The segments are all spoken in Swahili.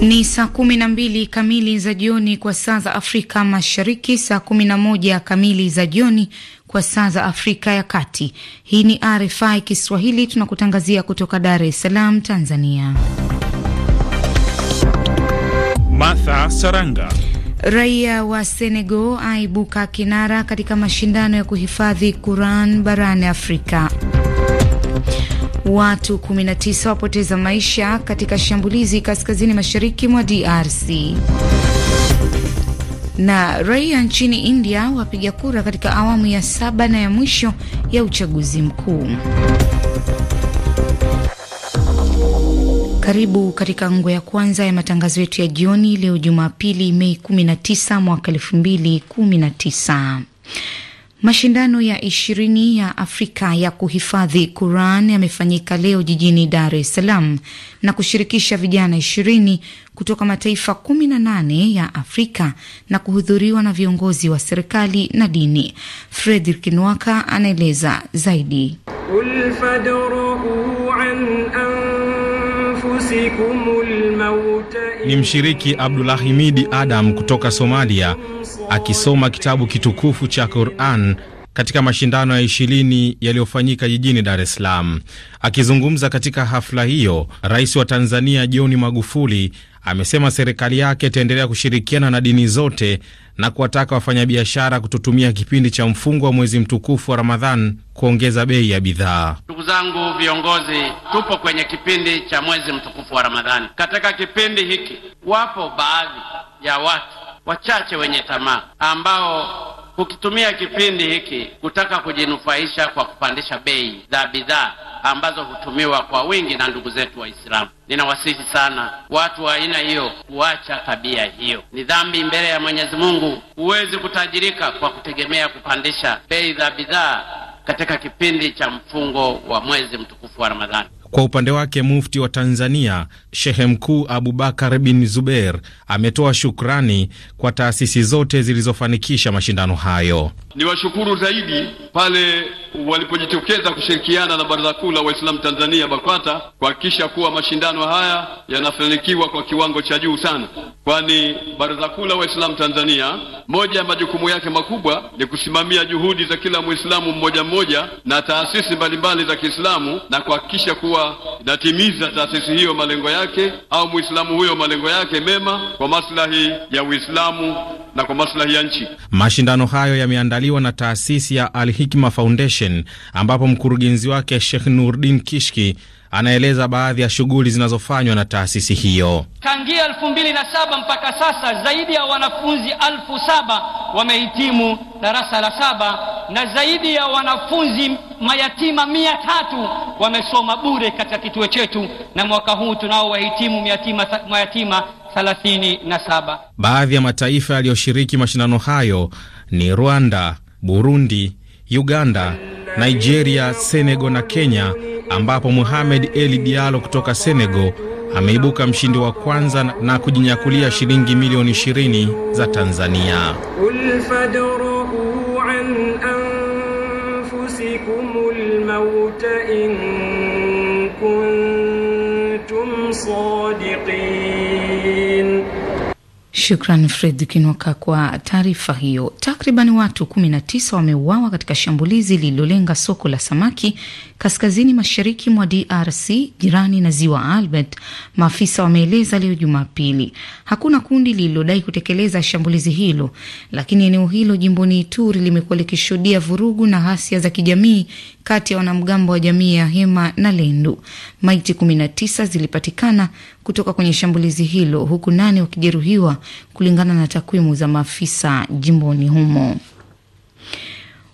Ni saa kumi na mbili kamili za jioni kwa saa za Afrika Mashariki, saa kumi na moja kamili za jioni kwa saa za Afrika ya Kati. Hii ni RFI Kiswahili, tunakutangazia kutoka Dar es Salaam, Tanzania. Martha Saranga. Raia wa Senegal aibuka kinara katika mashindano ya kuhifadhi Quran barani Afrika watu 19 wapoteza maisha katika shambulizi kaskazini mashariki mwa DRC. Na raia nchini India wapiga kura katika awamu ya saba na ya mwisho ya uchaguzi mkuu. Karibu katika ngo ya kwanza ya matangazo yetu ya jioni leo Jumapili, Mei 19 mwaka 2019. Mashindano ya ishirini ya Afrika ya kuhifadhi Quran yamefanyika leo jijini Dar es Salaam na kushirikisha vijana ishirini kutoka mataifa kumi na nane ya Afrika na kuhudhuriwa na viongozi wa serikali na dini. Fredrik Nwaka anaeleza zaidi. Ulfadruu an anfusikumul mauta ni mshiriki Abdulahimidi Adam kutoka Somalia akisoma kitabu kitukufu cha Quran katika mashindano ya ishirini yaliyofanyika jijini Dar es Salaam. Akizungumza katika hafla hiyo, rais wa Tanzania John Magufuli amesema serikali yake itaendelea kushirikiana na dini zote na kuwataka wafanyabiashara kutotumia kipindi cha mfungo wa mwezi mtukufu wa Ramadhan kuongeza bei ya bidhaa. Ndugu zangu viongozi, tupo kwenye kipindi cha mwezi mtukufu wa Ramadhani. Katika kipindi hiki, wapo baadhi ya watu wachache wenye tamaa ambao hukitumia kipindi hiki kutaka kujinufaisha kwa kupandisha bei za bidhaa ambazo hutumiwa kwa wingi na ndugu zetu Waislamu. Ninawasihi sana watu wa aina hiyo kuacha tabia hiyo. Ni dhambi mbele ya Mwenyezi Mungu. Huwezi kutajirika kwa kutegemea kupandisha bei za bidhaa katika kipindi cha mfungo wa mwezi mtukufu wa Ramadhani. Kwa upande wake mufti wa Tanzania shehe mkuu Abubakar bin Zubeir ametoa shukrani kwa taasisi zote zilizofanikisha mashindano hayo ni washukuru zaidi pale walipojitokeza kushirikiana na Baraza Kuu la Waislamu Tanzania BAKWATA kuhakikisha kuwa mashindano haya yanafanikiwa kwa kiwango cha juu sana, kwani Baraza Kuu la Waislamu Tanzania, moja ya majukumu yake makubwa ni kusimamia juhudi za kila Mwislamu mmoja mmoja na taasisi mbalimbali za Kiislamu na kuhakikisha kuwa inatimiza taasisi hiyo malengo yake au Mwislamu huyo malengo yake mema kwa maslahi ya Uislamu na kwa maslahi ya nchi. Mashindano hayo yameandaliwa umeandaliwa na taasisi ya Al Hikma Foundation ambapo mkurugenzi wake Sheikh Nurdin Kishki anaeleza baadhi ya shughuli zinazofanywa na taasisi hiyo. Tangia elfu mbili na saba mpaka sasa zaidi ya wanafunzi elfu saba wamehitimu darasa la saba na zaidi ya wanafunzi mayatima mia tatu wamesoma bure katika kituo chetu, na mwaka huu tunao wahitimu mayatima thelathini na saba. Baadhi ya mataifa yaliyoshiriki mashindano hayo ni Rwanda, Burundi, Uganda, Nigeria, Senegal na Kenya, ambapo Muhamed Eli dialo kutoka Senegal ameibuka mshindi wa kwanza na kujinyakulia shilingi milioni 20 za Tanzania. In kuntum sadiqin Shukran Fred Kinoka kwa taarifa hiyo. Takriban watu 19 wameuawa katika shambulizi lililolenga soko la samaki kaskazini mashariki mwa DRC jirani na ziwa Albert, maafisa wameeleza leo Jumapili. Hakuna kundi lililodai kutekeleza shambulizi hilo, lakini eneo hilo jimboni Ituri limekuwa likishuhudia vurugu na ghasia za kijamii kati ya wanamgambo wa jamii ya Hema na Lendu. Maiti 19 zilipatikana kutoka kwenye shambulizi hilo, huku nane wakijeruhiwa kulingana na takwimu za maafisa jimboni humo.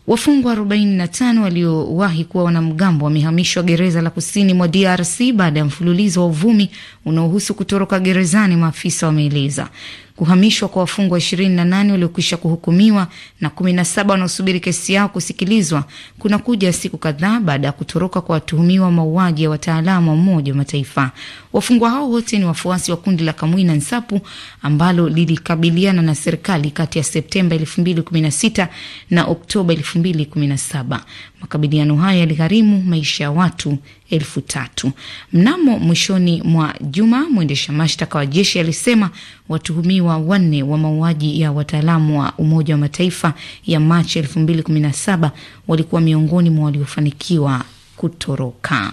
Wafungwa 45 waliowahi kuwa wanamgambo wamehamishwa gereza la kusini mwa DRC baada ya mfululizo wa uvumi unaohusu kutoroka gerezani, maafisa wameeleza kuhamishwa kwa wafungwa 28 waliokwisha kuhukumiwa na 17 wanaosubiri kesi yao kusikilizwa kunakuja siku kadhaa baada ya kutoroka kwa watuhumiwa mauaji ya wataalamu wa Umoja wa Mataifa. Wafungwa hao wote ni wafuasi wa kundi la Kamwina Nsapu ambalo lilikabiliana na serikali kati ya Septemba 2016 na Oktoba 2017. Makabiliano haya yaligharimu maisha ya watu elfu tatu. Mnamo mwishoni mwa juma, mwendesha mashtaka wa jeshi alisema watuhumiwa wanne wa mauaji ya wataalamu wa Umoja wa Mataifa ya Machi 2017 walikuwa miongoni mwa waliofanikiwa kutoroka.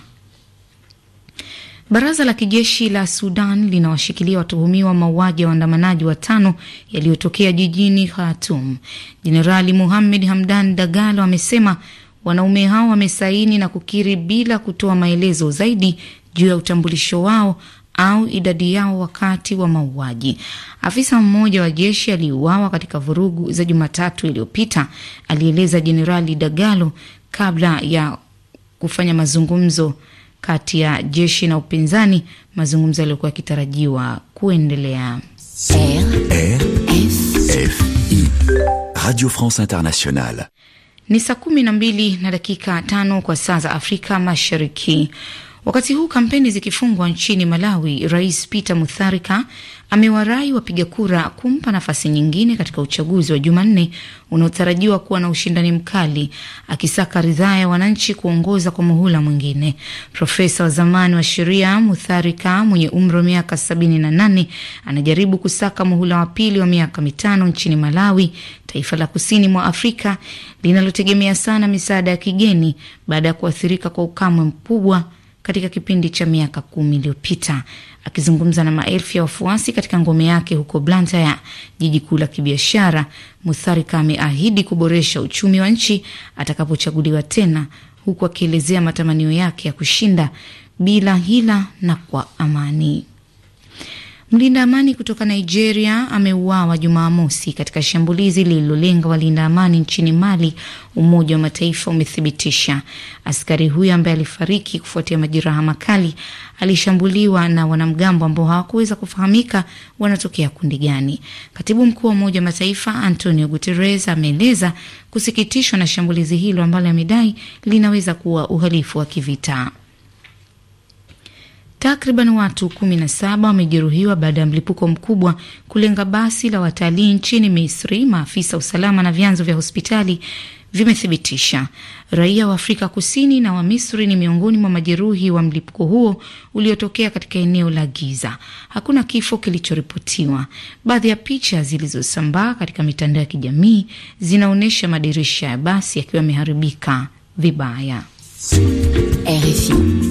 Baraza la kijeshi la Sudan linawashikilia watuhumiwa mauaji ya waandamanaji watano yaliyotokea jijini Khartoum. Jenerali muhamed Hamdan Dagalo amesema Wanaume hao wamesaini na kukiri bila kutoa maelezo zaidi juu ya utambulisho wao au idadi yao wakati wa mauaji. Afisa mmoja wa jeshi aliuawa katika vurugu za Jumatatu iliyopita, alieleza Jenerali Dagalo kabla ya kufanya mazungumzo kati ya jeshi na upinzani, mazungumzo yaliyokuwa yakitarajiwa kuendelea. Radio France Internationale. Ni saa kumi na mbili na dakika tano kwa saa za Afrika Mashariki. Wakati huu kampeni zikifungwa nchini Malawi, Rais Peter Mutharika amewarai wapiga kura kumpa nafasi nyingine katika uchaguzi wa Jumanne unaotarajiwa kuwa na ushindani mkali, akisaka ridhaa ya wananchi kuongoza kwa muhula mwingine. Profesa wa zamani wa sheria Mutharika mwenye umri wa miaka 78 anajaribu kusaka muhula wa pili wa miaka mitano nchini Malawi, taifa la kusini mwa Afrika linalotegemea sana misaada ya kigeni baada ya kuathirika kwa ukamwe mkubwa katika kipindi cha miaka kumi iliyopita. Akizungumza na maelfu ya wafuasi katika ngome yake huko Blantyre, jiji kuu la kibiashara, Mutharika ameahidi kuboresha uchumi wa nchi atakapochaguliwa tena, huku akielezea matamanio yake ya kushinda bila hila na kwa amani. Mlinda amani kutoka Nigeria ameuawa Jumamosi katika shambulizi lililolenga walinda amani nchini Mali, Umoja wa Mataifa umethibitisha. Askari huyo ambaye alifariki kufuatia majeraha makali alishambuliwa na wanamgambo ambao hawakuweza kufahamika wanatokea kundi gani. Katibu mkuu wa Umoja wa Mataifa Antonio Guterres ameeleza kusikitishwa na shambulizi hilo ambalo amedai linaweza kuwa uhalifu wa kivita. Takriban watu 17 wamejeruhiwa baada ya mlipuko mkubwa kulenga basi la watalii nchini Misri, maafisa usalama na vyanzo vya hospitali vimethibitisha. Raia wa Afrika Kusini na wa Misri ni miongoni mwa majeruhi wa mlipuko huo uliotokea katika eneo la Giza. Hakuna kifo kilichoripotiwa. Baadhi ya picha zilizosambaa katika mitandao ya kijamii zinaonyesha madirisha ya basi yakiwa yameharibika vibaya. RFI.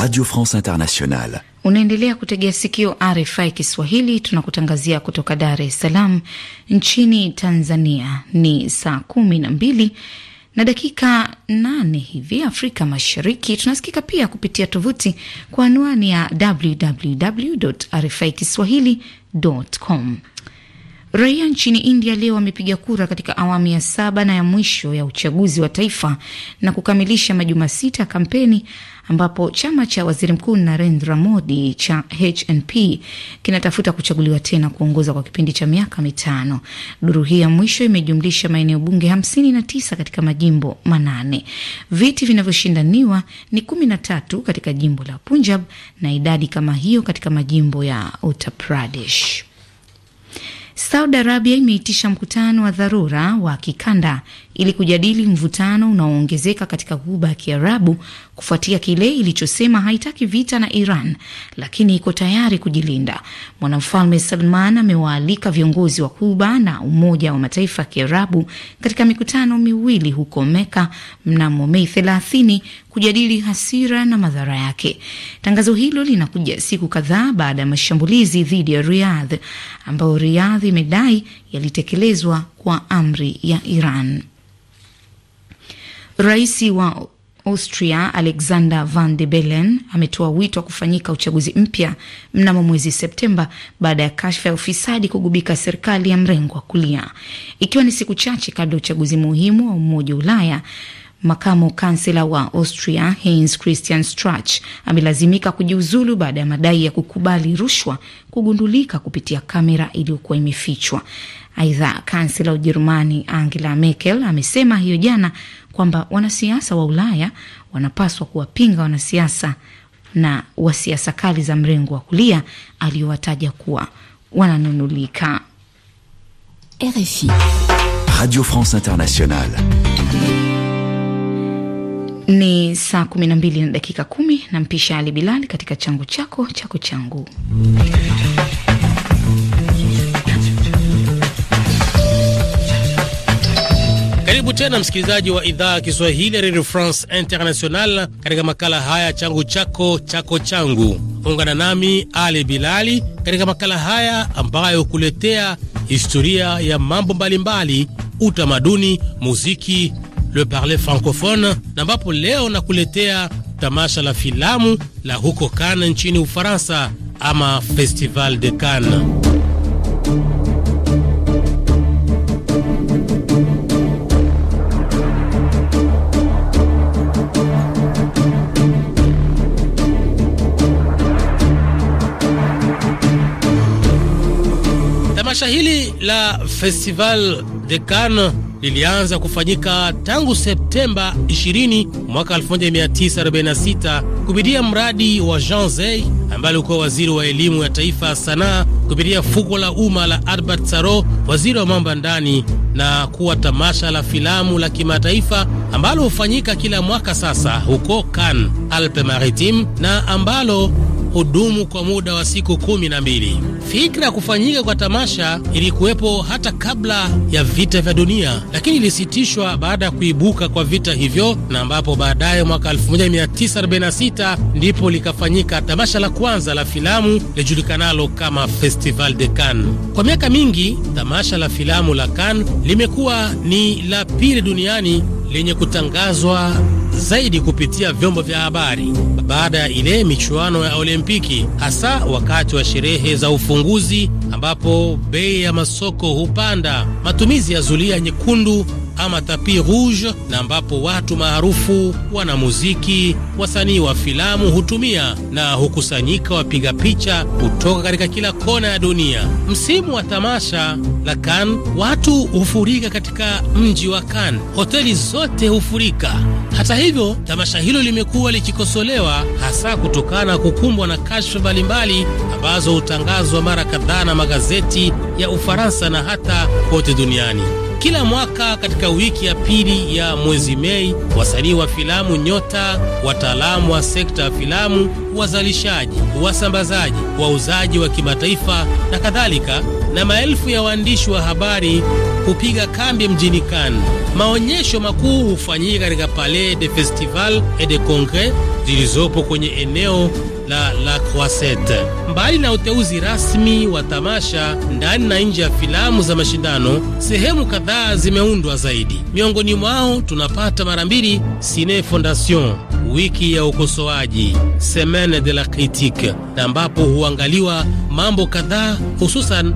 Radio France Internationale. Unaendelea kutegea sikio RFI Kiswahili, tunakutangazia kutoka Dar es Salaam nchini Tanzania. Ni saa kumi na mbili na dakika nane hivi Afrika Mashariki. Tunasikika pia kupitia tovuti kwa anwani ya www RFI kiswahilicom. Raia nchini India leo wamepiga kura katika awamu ya saba na ya mwisho ya uchaguzi wa taifa na kukamilisha majuma sita ya kampeni ambapo chama cha waziri mkuu Narendra Modi cha HNP kinatafuta kuchaguliwa tena kuongoza kwa kipindi cha miaka mitano. Duru hii ya mwisho imejumlisha maeneo bunge hamsini na tisa katika majimbo manane. Viti vinavyoshindaniwa ni kumi na tatu katika jimbo la Punjab na idadi kama hiyo katika majimbo ya Uttar Pradesh. Saudi Arabia imeitisha mkutano wa dharura wa kikanda ili kujadili mvutano unaoongezeka katika Ghuba ya Kiarabu kufuatia kile ilichosema haitaki vita na Iran, lakini iko tayari kujilinda. Mwanamfalme Salman amewaalika viongozi wa Ghuba na Umoja wa Mataifa ya Kiarabu katika mikutano miwili huko Meka mnamo Mei 30 kujadili hasira na madhara yake. Tangazo hilo linakuja siku kadhaa baada ya mashambulizi dhidi ya Riyadh ambayo Riyadh imedai yalitekelezwa kwa amri ya Iran. Rais wa Austria Alexander Van de Bellen ametoa wito wa kufanyika uchaguzi mpya mnamo mwezi Septemba baada ya kashfa ya ufisadi kugubika serikali ya mrengo wa kulia, ikiwa ni siku chache kabla ya uchaguzi muhimu wa Umoja wa Ulaya. Makamu kansela wa Austria Heinz Christian Strach amelazimika kujiuzulu baada ya madai ya kukubali rushwa kugundulika kupitia kamera iliyokuwa imefichwa. Aidha, kansela wa Ujerumani Angela Merkel amesema hiyo jana kwamba wanasiasa wa Ulaya wanapaswa kuwapinga wanasiasa na wa siasa kali za mrengo wa kulia aliyowataja kuwa wananunulika. RFI, Radio France Internationale. Ni saa 12 na dakika na mpisha Ali Bilali katika changu chako chako changu. Karibu tena msikilizaji wa idhaa ya Kiswahili ya Radio France International katika makala haya changu chako chako changu. Ungana nami Ali Bilali katika makala haya ambayo kuletea historia ya mambo mbalimbali, utamaduni, muziki, le parler francophone, na ambapo leo nakuletea tamasha la filamu la huko Cannes nchini Ufaransa ama Festival de Cannes. Tamasha hili la Festival de Cannes lilianza kufanyika tangu Septemba 20 mwaka 1946 kupitia mradi wa Jean Zay ambaye alikuwa waziri wa elimu ya taifa sanaa, kupitia fuko la umma la Albert Saro, waziri wa mambo ya ndani, na kuwa tamasha la filamu la kimataifa ambalo hufanyika kila mwaka sasa huko Cannes Alpes Maritimes na ambalo hudumu kwa muda wa siku kumi na mbili. Fikra ya kufanyika kwa tamasha ilikuwepo hata kabla ya vita vya dunia, lakini ilisitishwa baada ya kuibuka kwa vita hivyo, na ambapo baadaye mwaka 1946 ndipo likafanyika tamasha la kwanza la filamu lijulikanalo kama Festival de Cannes. Kwa miaka mingi tamasha la filamu la Cannes limekuwa ni la pili duniani lenye kutangazwa zaidi kupitia vyombo vya habari baada ya ile michuano ya Olimpiki, hasa wakati wa sherehe za ufunguzi ambapo bei ya masoko hupanda. Matumizi ya zulia nyekundu ama tapi rouge, na ambapo watu maarufu, wanamuziki, wasanii wa filamu hutumia na hukusanyika wapiga picha kutoka katika kila kona ya dunia. Msimu wa tamasha la Cannes, watu hufurika katika mji wa Cannes, hoteli zote hufurika. Hata hivyo, tamasha hilo limekuwa likikosolewa hasa kutokana kukumbwa na kashfa mbalimbali ambazo hutangazwa mara kadhaa na magazeti ya Ufaransa na hata kote duniani. Kila mwaka katika wiki ya pili ya mwezi Mei, wasanii wa filamu nyota, wataalamu wa sekta ya filamu, wazalishaji, wasambazaji, wauzaji wa kimataifa na kadhalika, na maelfu ya waandishi wa habari hupiga kambi mjini Cannes. Maonyesho makuu hufanyika katika Palais de Festival et de Congrès zilizopo kwenye eneo la La Croisette. Mbali na uteuzi rasmi wa tamasha ndani na nje ya filamu za mashindano, sehemu kadhaa zimeundwa zaidi. Miongoni mwao tunapata mara mbili Cine Fondation, wiki ya ukosoaji, Semaine de la Critique, na ambapo huangaliwa mambo kadhaa, hususan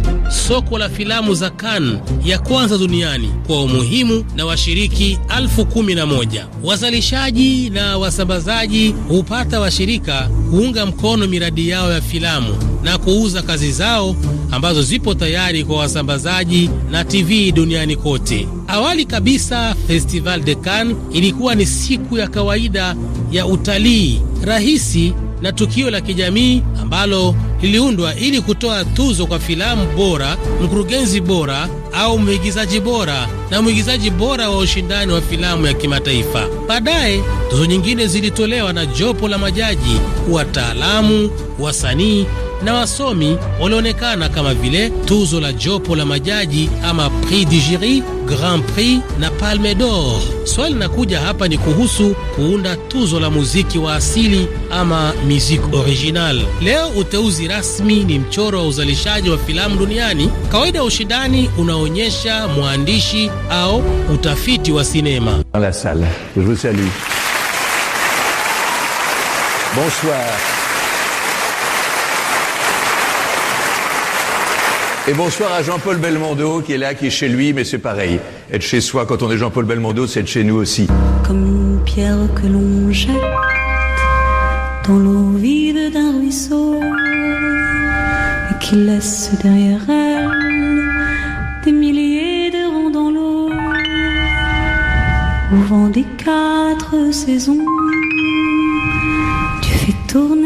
soko la filamu za Cannes ya kwanza duniani kwa umuhimu na washiriki elfu kumi na moja. Wazalishaji na wasambazaji hupata washirika kuunga mkono miradi yao ya filamu na kuuza kazi zao ambazo zipo tayari kwa wasambazaji na TV duniani kote. Awali kabisa, Festival de Cannes ilikuwa ni siku ya kawaida ya utalii rahisi na tukio la kijamii ambalo liliundwa ili kutoa tuzo kwa filamu bora, mkurugenzi bora au mwigizaji bora na mwigizaji bora wa ushindani wa filamu ya kimataifa. Baadaye tuzo nyingine zilitolewa na jopo la majaji, wataalamu, wasanii na wasomi walionekana kama vile tuzo la jopo la majaji ama prix du jury, grand prix na palme d'or. Swali linakuja hapa ni kuhusu kuunda tuzo la muziki wa asili ama musique original. Leo uteuzi rasmi ni mchoro wa uzalishaji wa filamu duniani. Kawaida ya ushindani unaonyesha mwandishi au utafiti wa sinema. la salle. Je vous salue. Bonsoir. Et bonsoir à Jean-Paul Belmondo qui est là, qui est chez lui, mais c'est pareil. Être chez soi quand on est Jean-Paul Belmondo, c'est être chez nous aussi. Comme une pierre que l'on jette dans l'eau vide d'un ruisseau et qui laisse derrière elle des milliers de ronds dans l'eau au vent des quatre saisons. Tu fais tourner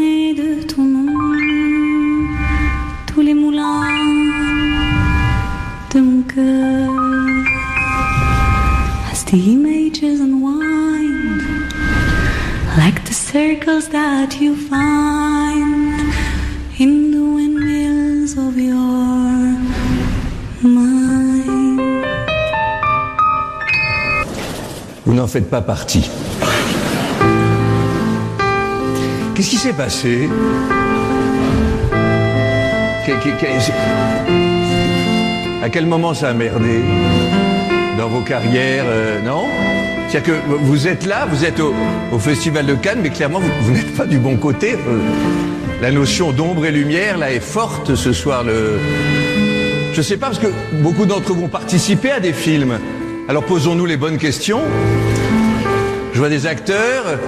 as the images unwind, like the circles that you find in the windmills of your mind. Vous n'en faites pas partie. Qu'est-ce qui s'est passé? Qu'est-ce qui Qu à quel moment ça a merdé dans vos carrières, euh, non C'est-à-dire que vous êtes là, vous êtes au, Festival de Cannes, mais clairement, vous, n'êtes pas du bon côté. Euh. la notion d'ombre et lumière, là, est forte ce soir. Le... Je sais pas, parce que beaucoup d'entre vous ont participé à des films. Alors posons-nous les bonnes questions. Je vois des acteurs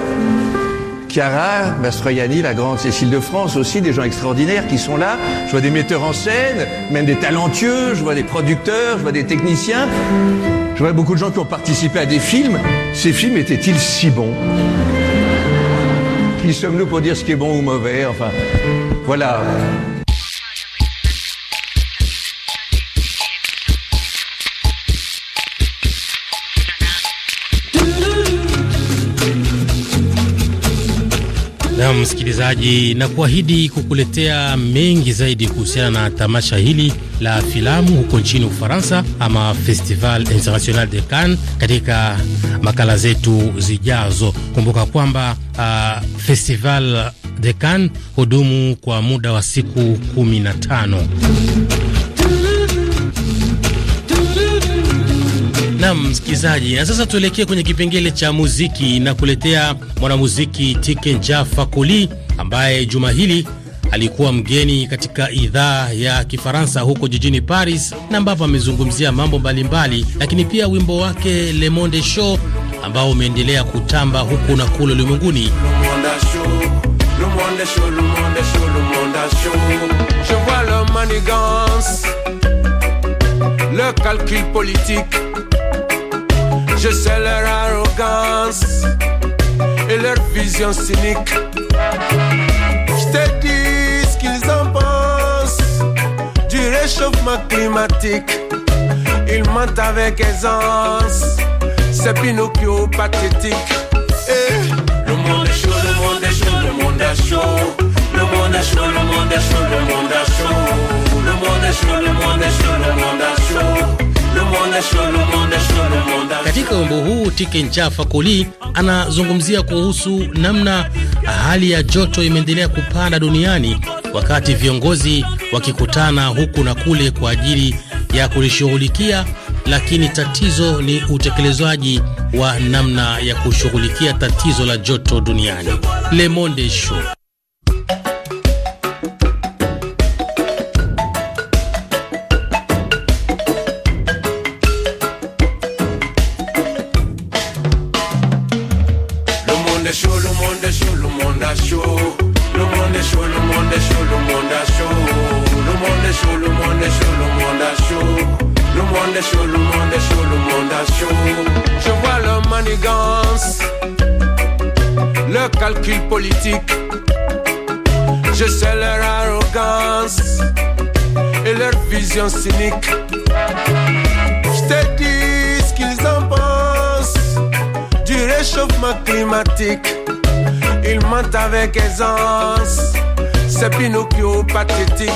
Chiara Mastroianni, la grande Cécile de France aussi, des gens extraordinaires qui sont là. Je vois des metteurs en scène, même des talentueux, je vois des producteurs, je vois des techniciens. Je vois beaucoup de gens qui ont participé à des films. Ces films étaient-ils si bons Qui sommes-nous pour dire ce qui est bon ou mauvais Enfin, voilà. msikilizaji, na kuahidi kukuletea mengi zaidi kuhusiana na tamasha hili la filamu huko nchini Ufaransa ama Festival International de Cannes katika makala zetu zijazo. Kumbuka kwamba uh, Festival de Cannes hudumu kwa muda wa siku 15. Nam msikilizaji, na sasa tuelekee kwenye kipengele cha muziki na kuletea mwanamuziki Tikenja Fakoli ambaye juma hili alikuwa mgeni katika idhaa ya Kifaransa huko jijini Paris, na ambapo amezungumzia mambo mbalimbali, lakini pia wimbo wake Le Monde Show ambao umeendelea kutamba huku na kule ulimwenguni. Le calcul politique Je sais leur arrogance et leur vision cynique. Je te dis ce qu'ils en pensent du réchauffement climatique. Ils mentent avec aisance, c'est Pinocchio pathétique. Et eh. le monde est chaud, le monde est chaud, le monde est chaud. Le monde est chaud, le monde est chaud, le monde est chaud. Le monde est chaud, le monde est chaud, le monde est chaud. Katika wimbo huu Tike Nchafa Fakoli anazungumzia kuhusu namna hali ya joto imeendelea kupanda duniani wakati viongozi wakikutana huku na kule kwa ajili ya kulishughulikia, lakini tatizo ni utekelezaji wa namna ya kushughulikia tatizo la joto duniani. Le Monde Show. est le monde est chaud, le monde a chaud. Le monde est chaud, le monde est chaud, le monde a chaud. Le monde est chaud, le monde est chaud, le monde a chaud. Je vois leur manigance, leur calcul politique. Je sais leur arrogance et leur vision cynique. Je te dis ce qu'ils en pensent du réchauffement climatique avec aisance. C'est Pinocchio pathétique.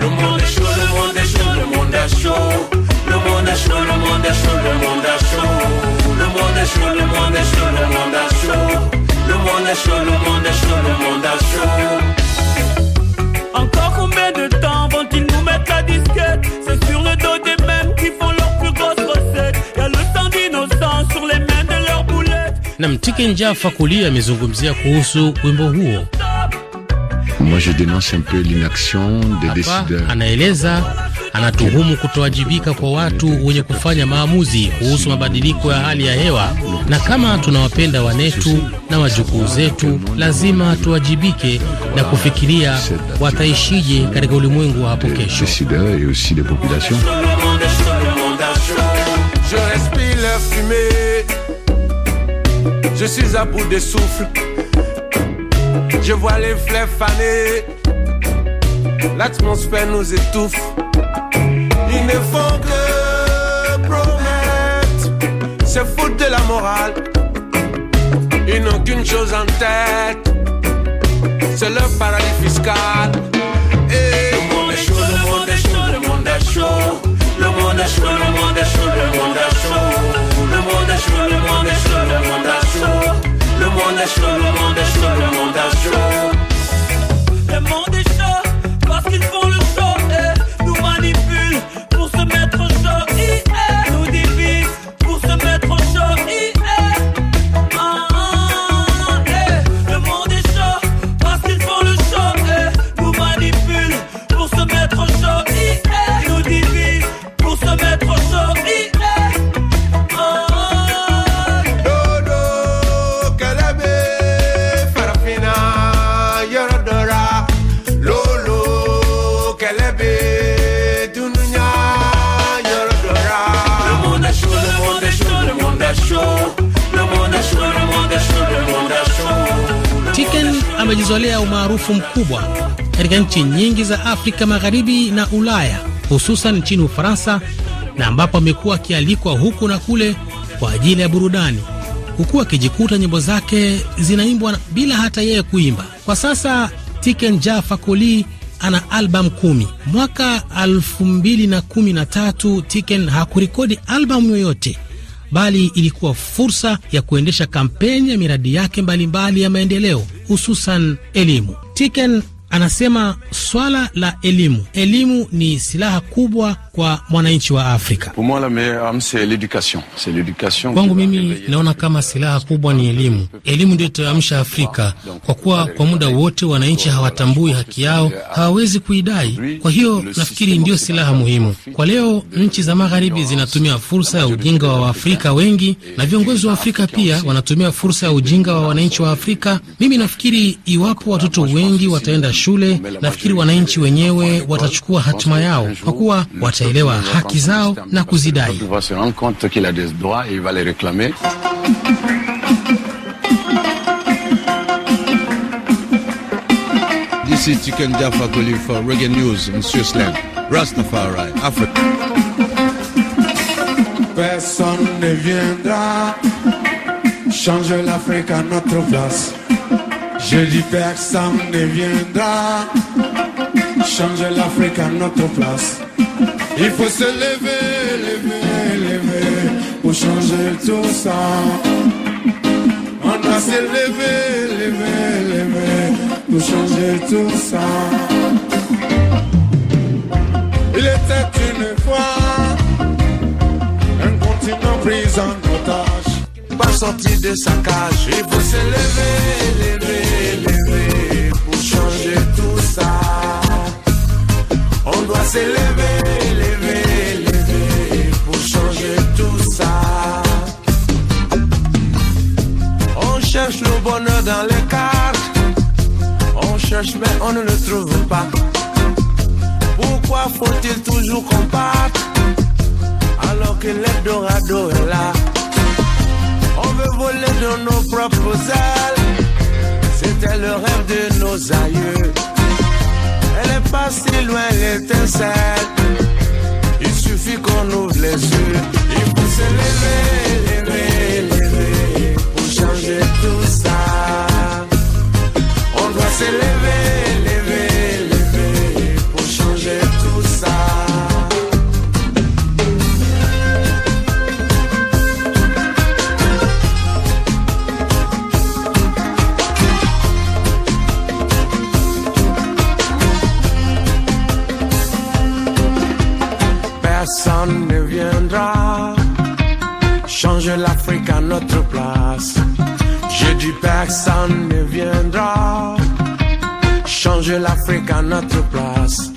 le monde est chaud, le monde est chaud, le monde est chaud. Le monde est chaud, le monde est chaud, le monde est chaud. Le monde est chaud, le monde est chaud, le monde est chaud. Le monde est chaud, le monde est chaud, le monde est chaud. Encore combien de temps vont-ils nous mettre la disquette C'est sur le dos des na Mtike Njafa Kulia amezungumzia kuhusu wimbo huo. anaeleza anatuhumu kutowajibika kwa watu wenye kufanya maamuzi kuhusu mabadiliko ya hali ya hewa, na kama tunawapenda wanetu na wajukuu zetu, lazima tuwajibike na kufikiria wataishije katika ulimwengu wa hapo kesho. Je suis à bout de souffle. Je vois les fleurs faner. L'atmosphère nous étouffe. Ils ne font que promettre. C'est foutre de la morale. Ils n'ont qu'une chose en tête. C'est le paradis fiscal. Et le monde est chaud, le monde est chaud, le monde est chaud. Le monde est chaud, le monde est chaud, le monde est chaud chaud, le monde est chaud, le monde est chaud. Le monde est chaud, le monde est chaud, le monde est chaud. Le monde est chaud, parce qu'ils font le amejizolea umaarufu mkubwa katika nchi nyingi za Afrika Magharibi na Ulaya, hususan nchini Ufaransa, na ambapo amekuwa akialikwa huku na kule kwa ajili ya burudani, huku akijikuta nyimbo zake zinaimbwa bila hata yeye kuimba. Kwa sasa Tiken Jah Fakoly ana albamu kumi. Mwaka 2013 Tiken hakurekodi albamu yoyote, bali ilikuwa fursa ya kuendesha kampeni ya miradi yake mbalimbali mbali ya maendeleo hususan elimu. Tiken anasema swala la elimu, elimu ni silaha kubwa kwa mwananchi wa Afrika. Um, Kwangu mimi naona kama silaha kubwa ni elimu. Elimu ndiyo itayoamsha Afrika, kwa kuwa kwa muda wote wananchi hawatambui haki yao, euh, hawawezi kuidai. Kwa hiyo nafikiri ndiyo silaha muhimu kwa leo. Nchi za magharibi zinatumia fursa ya ujinga wa Waafrika wengi na viongozi wa Afrika pia wanatumia fursa ya ujinga wa wananchi wa Afrika. Mimi nafikiri iwapo watoto wengi wataenda shule, nafikiri wananchi wenyewe watachukua hatima yao kwa kuwa wata Il va se na kuzidai. This is Chicken Jaffa et Reggae News les réclamer. Rastafari, Africa. Personne ne viendra changer l'Afrique à notre place. Je dis personne ne viendra changer l'Afrique à notre place. Il faut se lever, lever, lever pour changer tout ça. On doit se lever, lever, lever pour changer tout ça. Il était une fois un continent pris en otage, pas sorti de sa cage. Il faut se lever, lever, lever pour changer tout ça. On doit se lever. cherche le bonheur dans les cartes. On cherche mais on ne le trouve pas. Pourquoi faut-il toujours qu'on parte alors que l'Eldorado est là On veut voler dans nos propres ailes. C'était le rêve de nos aïeux. Elle est pas si loin l'étincelle. Il suffit qu'on ouvre les yeux. Il faut se lever, lever. tout ça. On doit s'élever. Africa, not to plus.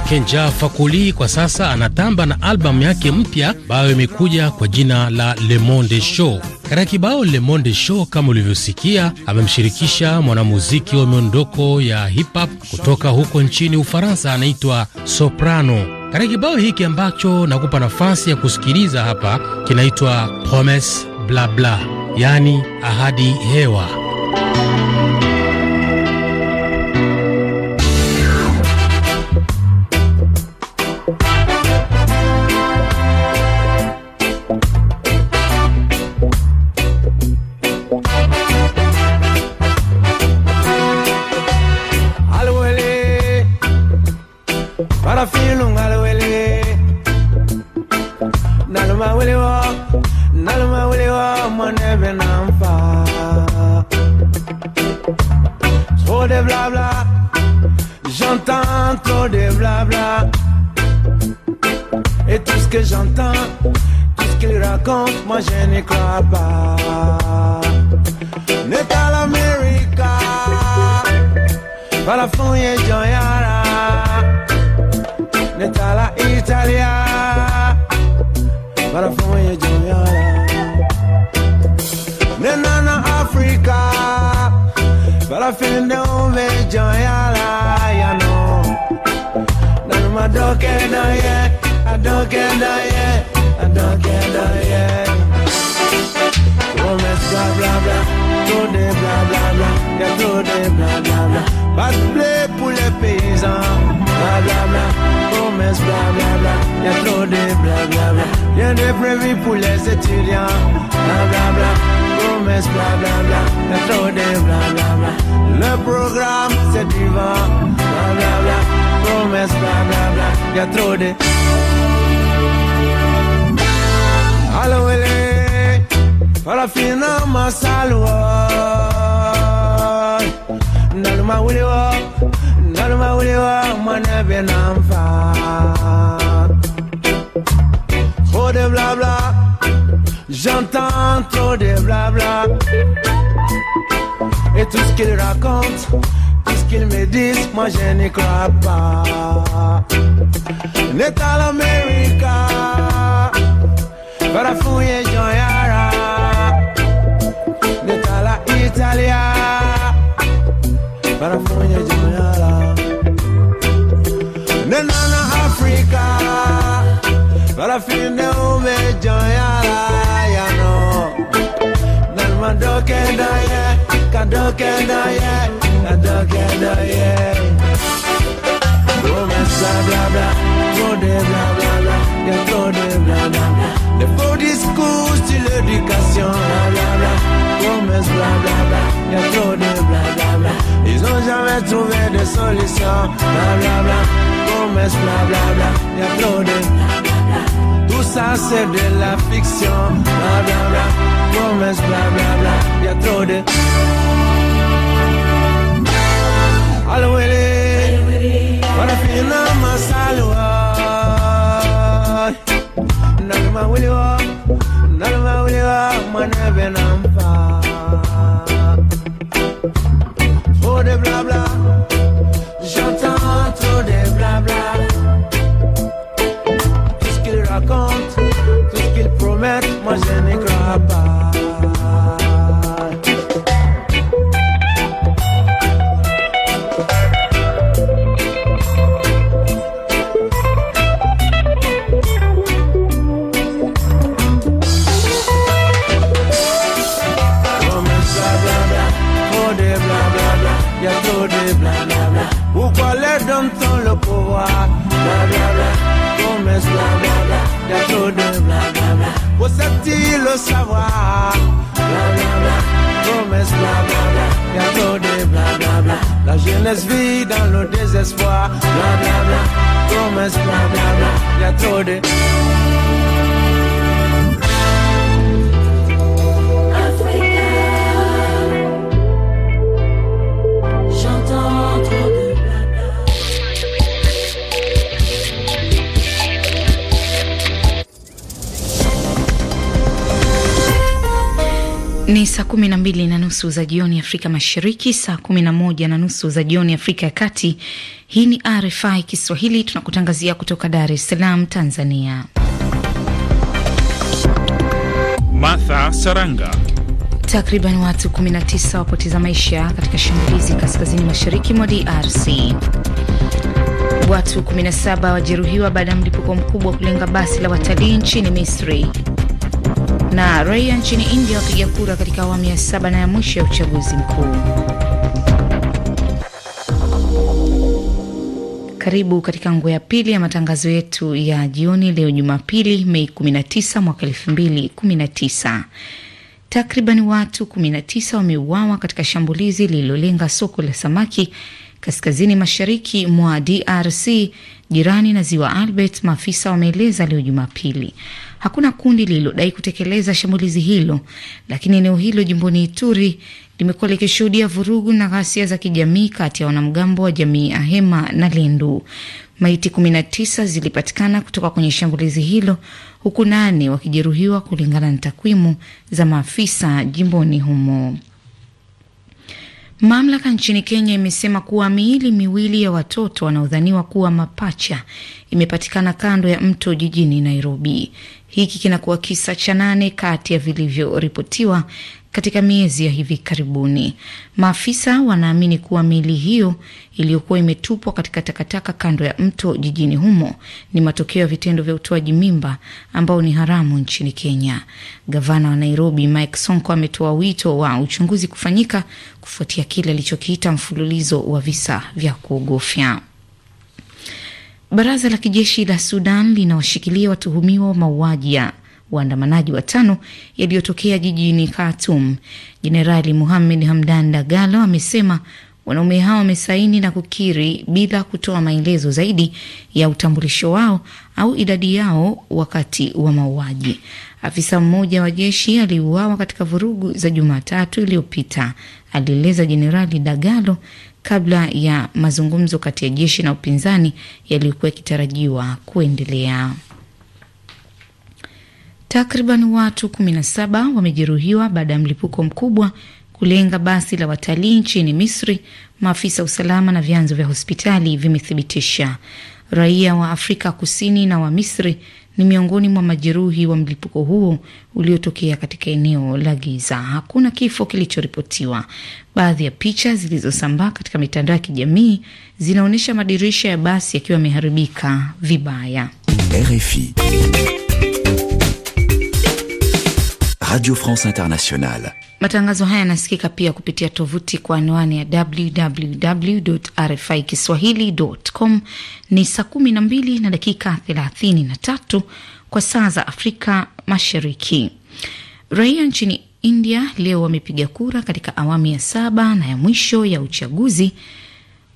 Kenja Fakuli kwa sasa anatamba na albamu yake mpya ambayo imekuja kwa jina la Le Monde Show. Katika kibao Le Monde Show, kama ulivyosikia, amemshirikisha mwanamuziki wa miondoko ya hip hop kutoka huko nchini Ufaransa, anaitwa Soprano. Katika kibao hiki ambacho nakupa nafasi ya kusikiliza hapa, kinaitwa Promes Blabla, yaani ahadi hewa. ce que j'entends, tout ce qu'il raconte, moi je n'y crois pas. N'est Natal America, voilà fouille Joyara, l'Italie, pas la. fouille Joyara, l'Afrique, Africa, voilà fin de d'ombre Joyara, Yano, Nalma pas l'Amérique, I yeah, get yeah yet. I don't bla bla bla Don't mess bla blah blah. Don't bla blah blah blah. Yeah, de pour les paysans. Blah blah blah. Promesse bla bla blah. Yeah, don't they blah blah blah. Bien pour les étudiants. bla bla blah. Promesse bla bla, y a trop de bla bla Le programme c'est du bla bla bla. bla bla bla bla, blah. trop de là, non j'entends trop de et tout ce qu'il raconte, tout ce qu'il me disent moi je n'y crois pas n'est à l'Amérique Barafuye Joyara, Natala Italia, Barafuye Joyara, Nanana Africa, Barafine Ume Joyara, Yano, Nanmadoke Daye, Kadoke Daye, Kadoke ye, Oh, blah blah blah, go de blah blah blah, yeah, go de blah blah. discours sur l'éducation. Blablabla, bla blablabla, y a trop de blablabla. Ils ont jamais trouvé de solution. Blablabla, promesse, blablabla, y a trop de blablabla. Tout ça c'est de la fiction. Blablabla, bla blablabla, y a trop de. Allo Willie, what a feeling, nalma wuliwa nalma wuliwa mana benam fire. jeunesse vit dans le désespoir. Bla bla bla, promesse, bla bla bla, y a trop de. Ni saa kumi na mbili na nusu za jioni Afrika Mashariki, saa kumi na moja na nusu za jioni Afrika ya Kati. Hii ni RFI Kiswahili, tunakutangazia kutoka Dar es Salaam, Tanzania. Martha Saranga. Takriban watu 19 wapoteza maisha katika shambulizi kaskazini mashariki mwa DRC. Watu 17 wajeruhiwa baada ya mlipuko mkubwa kulenga basi la watalii nchini Misri na raia nchini India wapiga kura katika awamu ya saba na ya mwisho ya uchaguzi mkuu. Karibu katika nguo ya pili ya matangazo yetu ya jioni leo Jumapili, Mei 19 mwaka 2019. Takriban watu 19 wameuawa katika shambulizi lililolenga soko la samaki kaskazini mashariki mwa DRC jirani na ziwa Albert, maafisa wameeleza leo Jumapili. Hakuna kundi lililodai kutekeleza shambulizi hilo, lakini eneo hilo jimboni Ituri limekuwa likishuhudia vurugu na ghasia za kijamii kati ya wanamgambo wa jamii Ahema na Lendu. Maiti 19 zilipatikana kutoka kwenye shambulizi hilo huku nane wakijeruhiwa kulingana na takwimu za maafisa jimboni humo. Mamlaka nchini Kenya imesema kuwa miili miwili ya watoto wanaodhaniwa kuwa mapacha imepatikana kando ya mto jijini Nairobi. Hiki kinakuwa kisa cha nane kati ya vilivyoripotiwa katika miezi ya hivi karibuni. Maafisa wanaamini kuwa mili hiyo iliyokuwa imetupwa katika takataka kando ya mto jijini humo ni matokeo ya vitendo vya utoaji mimba ambao ni haramu nchini Kenya. Gavana wa Nairobi Mike Sonko ametoa wito wa uchunguzi kufanyika kufuatia kile alichokiita mfululizo wa visa vya kuogofya. Baraza la kijeshi la Sudan linawashikilia watuhumiwa wa mauaji ya waandamanaji watano yaliyotokea jijini Khartoum. Jenerali Mohamed Hamdan Dagalo amesema wanaume hao wamesaini na kukiri bila kutoa maelezo zaidi ya utambulisho wao au idadi yao wakati wa mauaji. Afisa mmoja wa jeshi aliuawa katika vurugu za Jumatatu iliyopita, alieleza Jenerali Dagalo kabla ya mazungumzo kati ya jeshi na upinzani yaliyokuwa yakitarajiwa kuendelea. Takriban watu 17 wamejeruhiwa baada ya mlipuko mkubwa kulenga basi la watalii nchini Misri, maafisa usalama na vyanzo vya hospitali vimethibitisha. Raia wa Afrika Kusini na wa Misri ni miongoni mwa majeruhi wa mlipuko huo uliotokea katika eneo la Giza. Hakuna kifo kilichoripotiwa. Baadhi ya picha zilizosambaa katika mitandao ya kijamii zinaonyesha madirisha ya basi yakiwa yameharibika vibaya. RFI Radio France Internationale. Matangazo haya yanasikika pia kupitia tovuti kwa anwani ya www RFI kiswahilicom. Ni saa 12 na dakika 33 kwa saa za Afrika Mashariki. Raia nchini India leo wamepiga kura katika awamu ya saba na ya mwisho ya uchaguzi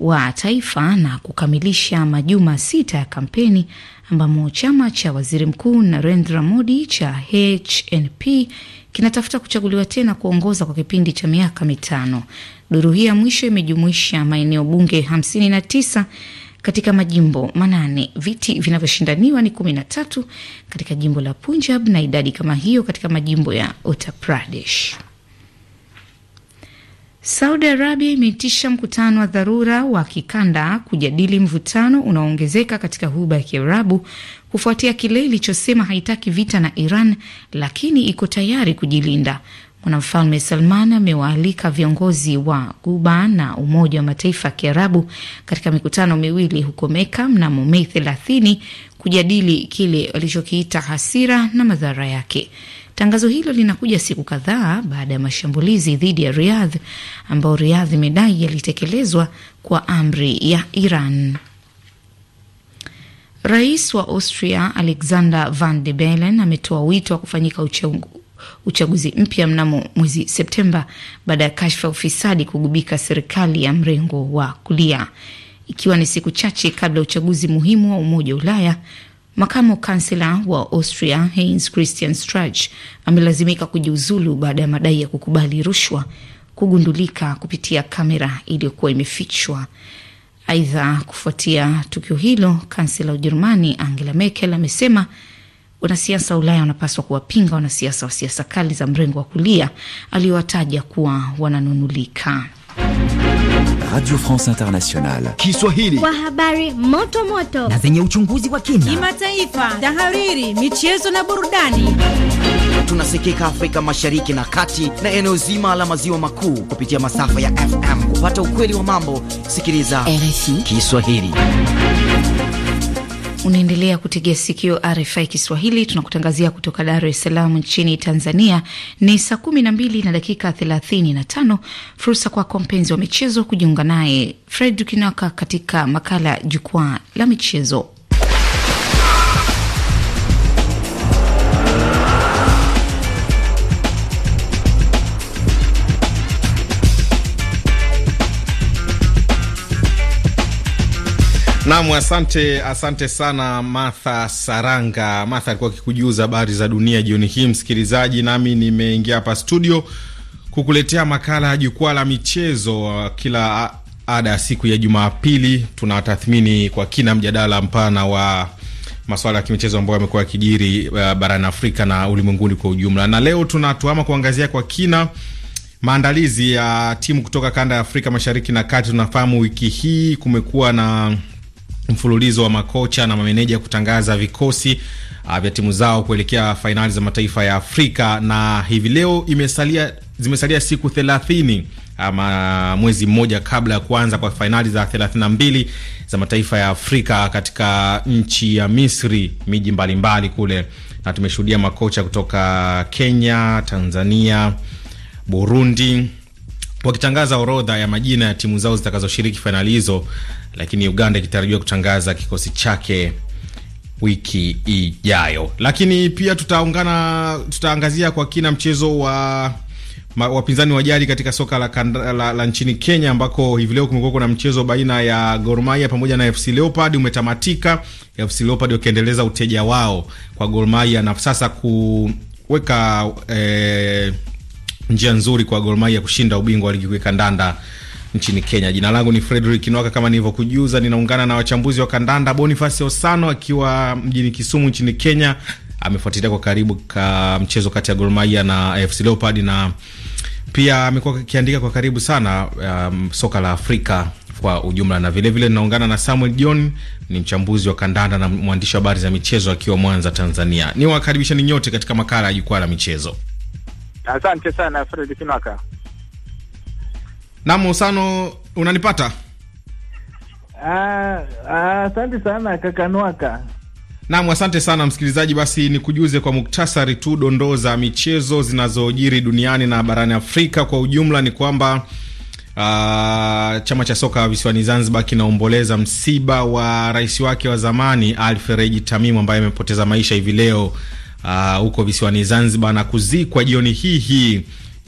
wa taifa na kukamilisha majuma sita ya kampeni ambamo chama cha waziri mkuu Narendra Modi cha HNP kinatafuta kuchaguliwa tena kuongoza kwa kipindi cha miaka mitano. Duru hii ya mwisho imejumuisha maeneo bunge 59 katika majimbo manane. Viti vinavyoshindaniwa ni kumi na tatu katika jimbo la Punjab na idadi kama hiyo katika majimbo ya Uttar Pradesh. Saudi Arabia imeitisha mkutano wa dharura wa kikanda kujadili mvutano unaoongezeka katika huba ya Kiarabu kufuatia kile ilichosema haitaki vita na Iran, lakini iko tayari kujilinda. Mwanamfalme Salman amewaalika viongozi wa Guba na Umoja wa Mataifa ya Kiarabu katika mikutano miwili huko Meka mnamo Mei thelathini kujadili kile walichokiita hasira na madhara yake. Tangazo hilo linakuja siku kadhaa baada ya mashambulizi dhidi ya Riyadh ambayo Riyadh imedai yalitekelezwa kwa amri ya Iran. Rais wa Austria Alexander Van de Bellen ametoa wito wa kufanyika uchungu uchaguzi mpya mnamo mwezi Septemba baada ya kashfa ya ufisadi kugubika serikali ya mrengo wa kulia. Ikiwa ni siku chache kabla ya uchaguzi muhimu wa Umoja wa Ulaya, makamu kansela wa Austria Heinz Christian Strache amelazimika kujiuzulu baada ya madai ya kukubali rushwa kugundulika kupitia kamera iliyokuwa imefichwa. Aidha, kufuatia tukio hilo, kansela wa Ujerumani Angela Merkel amesema Wanasiasa wa Ulaya wanapaswa kuwapinga wanasiasa wa siasa kali za mrengo wa kulia aliowataja kuwa wananunulika. Radio France Internationale Kiswahili kwa habari moto moto na zenye uchunguzi wa kina, kimataifa, tahariri, michezo na burudani. Tunasikika Afrika Mashariki na Kati na eneo zima la maziwa makuu kupitia masafa ya FM. Kupata ukweli wa mambo, sikiliza RFI Kiswahili. Unaendelea kutegea sikio RFI Kiswahili, tunakutangazia kutoka Dar es Salaam nchini Tanzania. Ni saa kumi na mbili na dakika thelathini na tano. Fursa kwako mpenzi wa michezo kujiunga naye Fred Dukinaka katika makala jukwaa la michezo. Nam, asante asante sana Martha Saranga. Martha alikuwa akikujuza habari za dunia jioni hii, msikilizaji, nami nimeingia hapa studio kukuletea makala ya jukwaa la michezo. Uh, kila ada ya siku ya Jumapili tunatathmini kwa kina mjadala mpana wa masuala ya kimichezo ambayo yamekuwa yakijiri uh, barani Afrika na ulimwenguni kwa ujumla, na leo tunatuama kuangazia kwa kina maandalizi ya timu kutoka kanda ya Afrika Mashariki na Kati. Tunafahamu wiki hii kumekuwa na mfululizo wa makocha na mameneja kutangaza vikosi uh, vya timu zao kuelekea fainali za mataifa ya Afrika na hivi leo imesalia, zimesalia siku thelathini ama mwezi mmoja kabla ya kuanza kwa fainali za 32 za mataifa ya Afrika katika nchi ya Misri, miji mbalimbali kule, na tumeshuhudia makocha kutoka Kenya, Tanzania, Burundi wakitangaza orodha ya majina ya timu zao zitakazoshiriki fainali hizo lakini Uganda ikitarajiwa kutangaza kikosi chake wiki ijayo. Lakini pia tutaungana, tutaangazia kwa kina mchezo wa wapinzani wa jadi katika soka la, kanda, la, la nchini Kenya ambako hivi leo kumekuwa kuna mchezo baina ya Gor Mahia pamoja na FC Leopard umetamatika, FC Leopard wakiendeleza uteja wao kwa Gor Mahia na sasa kuweka eh, njia nzuri kwa Gor Mahia kushinda ubingwa wa ligi kuu kandanda nchini Kenya. Jina langu ni Fredrick Nwaka, kama nilivyokujuza, ninaungana na wachambuzi wa kandanda. Boniface Osano akiwa mjini Kisumu nchini Kenya amefuatilia kwa karibu ka mchezo kati ya Gor Mahia na AFC Leopard na pia amekuwa akiandika kwa karibu sana um, soka la Afrika kwa ujumla, na vilevile ninaungana na Samuel John, ni mchambuzi wa kandanda na mwandishi wa habari za michezo akiwa Mwanza, Tanzania. Ni wakaribishani nyote katika makala ya jukwaa la michezo. Asante sana Fredrick Kinwaka. Naam, Sano, unanipata? Asante ah, ah, sana Kakanwaka. Naam, asante sana msikilizaji. Basi nikujuze kwa muktasari tu dondoo za michezo zinazojiri duniani na barani Afrika kwa ujumla ni kwamba Uh, chama cha soka visiwani Zanzibar kinaomboleza msiba wa rais wake wa zamani Alfereji Tamimu ambaye amepoteza maisha hivi leo ah, huko uh, visiwani Zanzibar na kuzikwa jioni hii hii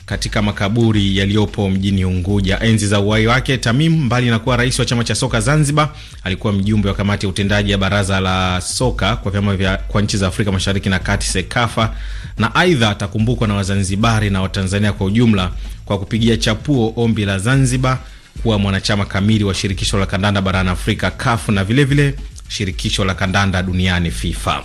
katika makaburi yaliyopo mjini Unguja. Enzi za uhai wake, Tamim mbali na kuwa rais wa chama cha soka Zanzibar, alikuwa mjumbe wa kamati ya utendaji ya baraza la soka kwa vyama vya kwa nchi za Afrika Mashariki na Kati, SEKAFA, na aidha atakumbukwa na Wazanzibari na Watanzania kwa ujumla kwa kupigia chapuo ombi la Zanzibar kuwa mwanachama kamili wa shirikisho la kandanda barani Afrika, kafu na vilevile vile, shirikisho la kandanda duniani FIFA.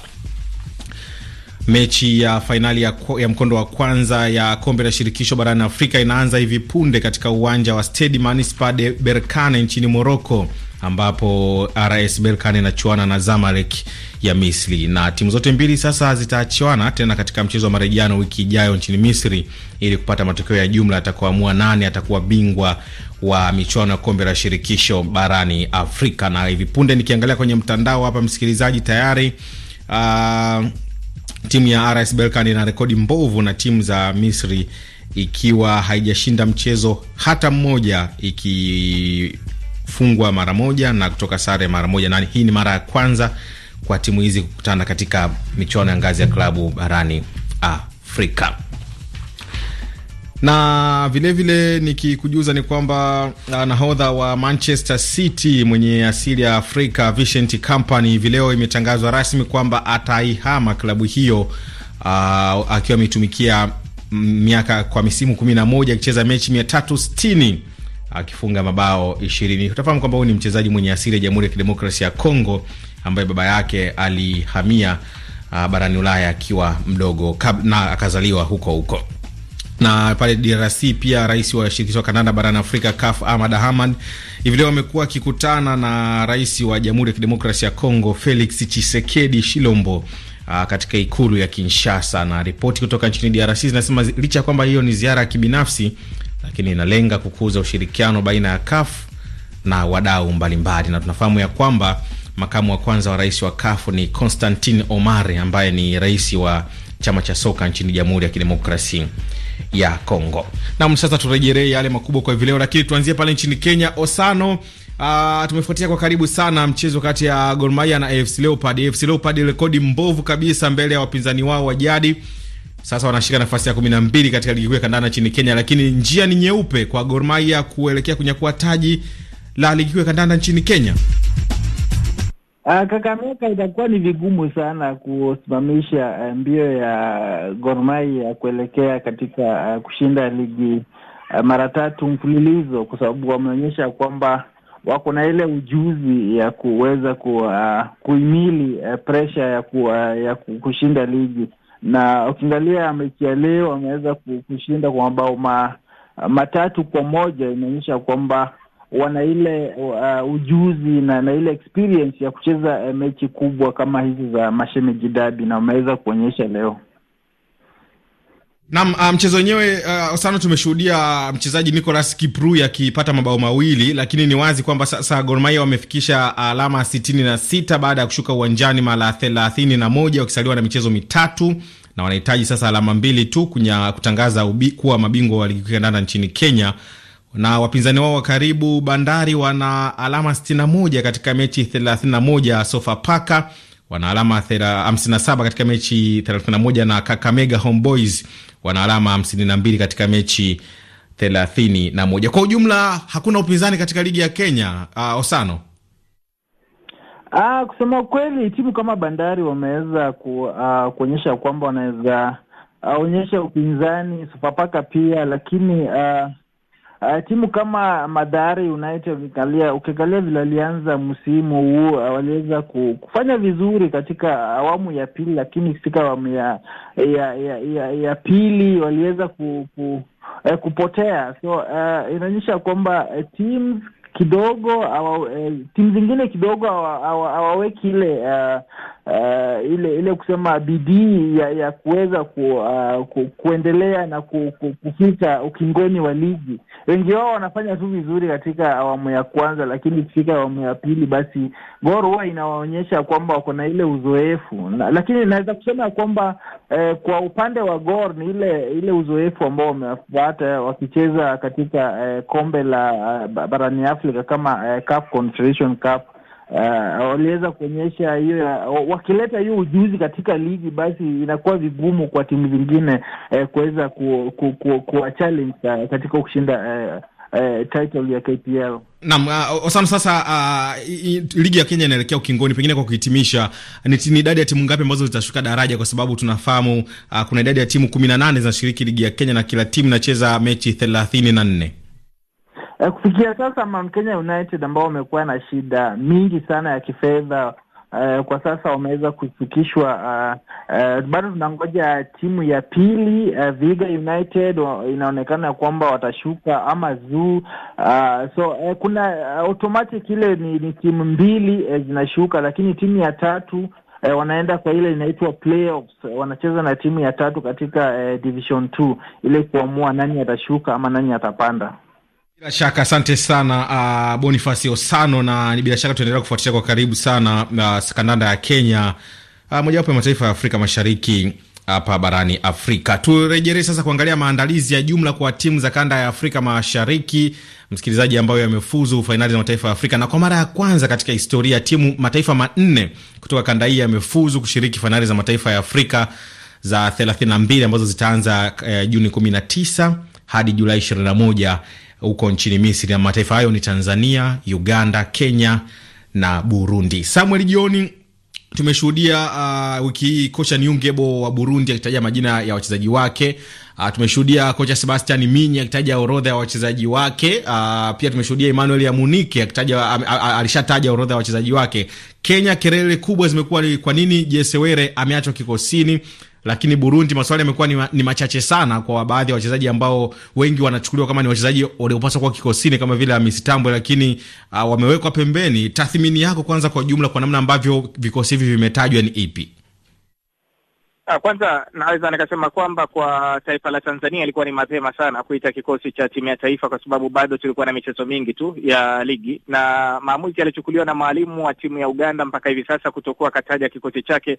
Mechi ya fainali ya, ya mkondo wa kwanza ya kombe la shirikisho barani Afrika inaanza hivi punde katika uwanja wa Stade Manispa de Berkane nchini Morocco ambapo RS Berkane inachuana na Zamalek ya Misri, na timu zote mbili sasa zitaachiwana tena katika mchezo wa marejiano wiki ijayo nchini Misri ili kupata matokeo ya jumla atakuamua nani atakuwa bingwa wa michuano ya kombe la shirikisho barani Afrika. Na hivi punde nikiangalia kwenye mtandao hapa, msikilizaji, tayari uh, Timu ya RS Berkane ina rekodi mbovu na timu za Misri ikiwa haijashinda mchezo hata mmoja ikifungwa mara moja na kutoka sare mara moja, nani. hii ni mara ya kwanza kwa timu hizi kukutana katika michuano ya ngazi ya klabu barani Afrika na vilevile nikikujuza ni kwamba uh, nahodha wa Manchester City mwenye asili ya Afrika Vincent Kompany hivi leo imetangazwa rasmi kwamba ataihama klabu hiyo uh, akiwa ametumikia mm, miaka kwa misimu 11 akicheza mechi 360 akifunga mabao 20. Utafahamu kwamba huyu ni mchezaji mwenye asili ya Jamhuri ya Kidemokrasia ya Kongo ambaye baba yake alihamia uh, barani Ulaya akiwa mdogo na akazaliwa huko huko. Na pale DRC pia rais wa shirikisho kandanda barani Afrika CAF Ahmad Ahmad hivi leo amekuwa akikutana na rais wa Jamhuri ya Kidemokrasia ya Kongo Felix Tshisekedi Shilombo Aa, ah, katika ikulu ya Kinshasa. Na ripoti kutoka nchini DRC zinasema licha ya kwamba hiyo ni ziara ya kibinafsi, lakini inalenga kukuza ushirikiano baina ya CAF na wadau mbalimbali, na tunafahamu ya kwamba makamu wa kwanza wa rais wa CAF ni Constantine Omari ambaye ni rais wa chama cha soka nchini Jamhuri ya Kidemokrasia ya Congo. Nam, sasa turejelee yale makubwa kwa hivi leo, lakini tuanzie pale nchini Kenya. Osano Uh, tumefuatia kwa karibu sana mchezo kati ya Gor Mahia na AFC Leopards. AFC Leopards rekodi mbovu kabisa mbele ya wapinzani wao wa jadi. Sasa wanashika nafasi ya mbili katika ligi kuu ya kandanda nchini Kenya, lakini njia ni nyeupe kwa Gor Mahia kuelekea kunyakua taji la ligi kuu ya kandanda nchini Kenya. Uh, Kakamega itakuwa ni vigumu sana kusimamisha eh, mbio ya Gor Mahia kuelekea katika uh, kushinda ligi uh, mara tatu mfululizo kwa sababu wameonyesha kwamba wako na ile ujuzi ya kuweza ku, uh, ah, kuimili uh, presha ya, ku, uh, ya kushinda ligi, na ukiangalia mechi ya leo wameweza kushinda kwa mabao ma, matatu kwa moja, inaonyesha kwamba wana ile uh, ujuzi na, na ile experience ya kucheza eh, mechi kubwa kama hizi za mashemeji dabi na wameweza kuonyesha leo. Naam, uh, mchezo wenyewe uh, sana tumeshuhudia uh, mchezaji Nicolas Kiprui akipata mabao mawili, lakini ni wazi kwamba sasa Gor Mahia wamefikisha alama sitini na sita baada ya kushuka uwanjani mara thelathini na moja wakisaliwa na michezo mitatu na wanahitaji sasa alama mbili tu kunya kutangaza ubi, kuwa mabingwa wa ligi kandanda nchini Kenya na wapinzani wao wa karibu Bandari wana alama 61 katika mechi 31. Sofapaka wana alama 57 katika mechi 31 na Kakamega Homeboys wana alama 52 katika mechi 31. Kwa ujumla hakuna upinzani katika ligi ya Kenya. Uh, Osano Ah, kusema kweli timu kama Bandari wameweza ku, uh, kuonyesha kwamba wanaweza uh, onyesha upinzani Sofapaka pia, lakini uh, Uh, timu kama madhari United ukiangalia vile alianza msimu huu uh, waliweza kufanya vizuri katika awamu ya pili, lakini katika awamu ya ya, ya, ya, ya pili waliweza ku, ku, eh, kupotea. So uh, inaonyesha kwamba tm kidogo eh, timu zingine kidogo hawaweki ile uh, uh, ile ile kusema bidii ya, ya kuweza ku, uh, ku, kuendelea na ku, ku, kufika ukingoni wa ligi. Wengi wao wanafanya tu vizuri katika awamu ya kwanza, lakini ikifika awamu ya pili, basi Gor huwa inawaonyesha kwamba wako na ile uzoefu na, lakini naweza kusema kwamba eh, kwa upande wa Gor ni ile ile uzoefu ambao wamepata wakicheza katika eh, kombe la uh, barani Afrika kama eh, Confederation Cup uh, waliweza kuonyesha hiyo, wakileta hiyo ujuzi katika ligi, basi inakuwa vigumu kwa timu zingine eh, kuweza ku, ku, ku, kuwa challenge eh, katika kushinda uh, uh, title ya KPL. Naam, uh, ah, Osano, sasa uh, ligi ya Kenya inaelekea ukingoni. Pengine kwa kuhitimisha, ni idadi ya timu ngapi ambazo zitashuka daraja? Kwa sababu tunafahamu uh, kuna idadi ya timu kumi na nane zinashiriki ligi ya Kenya na kila timu inacheza mechi thelathini na nne. Eh, kufikia sasa Mount Kenya United ambao wamekuwa na shida mingi sana ya kifedha Uh, kwa sasa wameweza kufikishwa uh, uh, bado tunangoja timu ya pili uh, Viga United inaonekana kwamba watashuka ama zoo uh, so uh, kuna uh, automatic ile ni, ni timu mbili uh, zinashuka, lakini timu ya tatu E, wanaenda kwa ile inaitwa playoffs E, wanacheza na timu ya tatu katika e, division two ili kuamua nani atashuka ama nani atapanda. Bila shaka asante sana uh, Bonifasi Osano, na bila shaka tunaendelea kufuatilia kwa karibu sana uh, kandanda ya Kenya uh, mojawapo ya mataifa ya Afrika Mashariki hapa barani Afrika. Turejelee sasa kuangalia maandalizi ya jumla kwa timu za kanda ya Afrika Mashariki, msikilizaji, ambayo yamefuzu fainali za mataifa ya Afrika, na kwa mara ya kwanza katika historia timu mataifa manne kutoka kanda hii yamefuzu kushiriki fainali za mataifa ya Afrika za 32 ambazo zitaanza eh, Juni 19 hadi Julai 21 huko nchini Misri, na mataifa hayo ni Tanzania, Uganda, Kenya na Burundi. Samuel Jioni, tumeshuhudia uh, wiki hii kocha Niungebo wa Burundi akitaja majina ya wachezaji wake. Uh, tumeshuhudia kocha Sebastian Minyi akitaja orodha ya wachezaji wake. Uh, pia tumeshuhudia Emmanuel Yamunike akitaja, alishataja orodha ya wachezaji wake. Kenya, kelele kubwa zimekuwa ni kwa nini Jesewere ameachwa kikosini lakini Burundi maswali yamekuwa ni, ni machache sana kwa baadhi ya wachezaji ambao wengi wanachukuliwa kama ni wachezaji waliopaswa kuwa kikosini kama vile Hamisi Tambwe, lakini uh, wamewekwa pembeni. Tathmini yako kwanza kwa jumla kwa namna ambavyo vikosi hivi vimetajwa ni ipi? Ah, kwanza naweza nikasema kwamba kwa taifa la Tanzania ilikuwa ni mapema sana kuita kikosi cha timu ya taifa, kwa sababu bado tulikuwa na michezo mingi tu ya ligi, na maamuzi yalichukuliwa na mwalimu wa timu ya Uganda mpaka hivi sasa kutokuwa kataja kikosi chake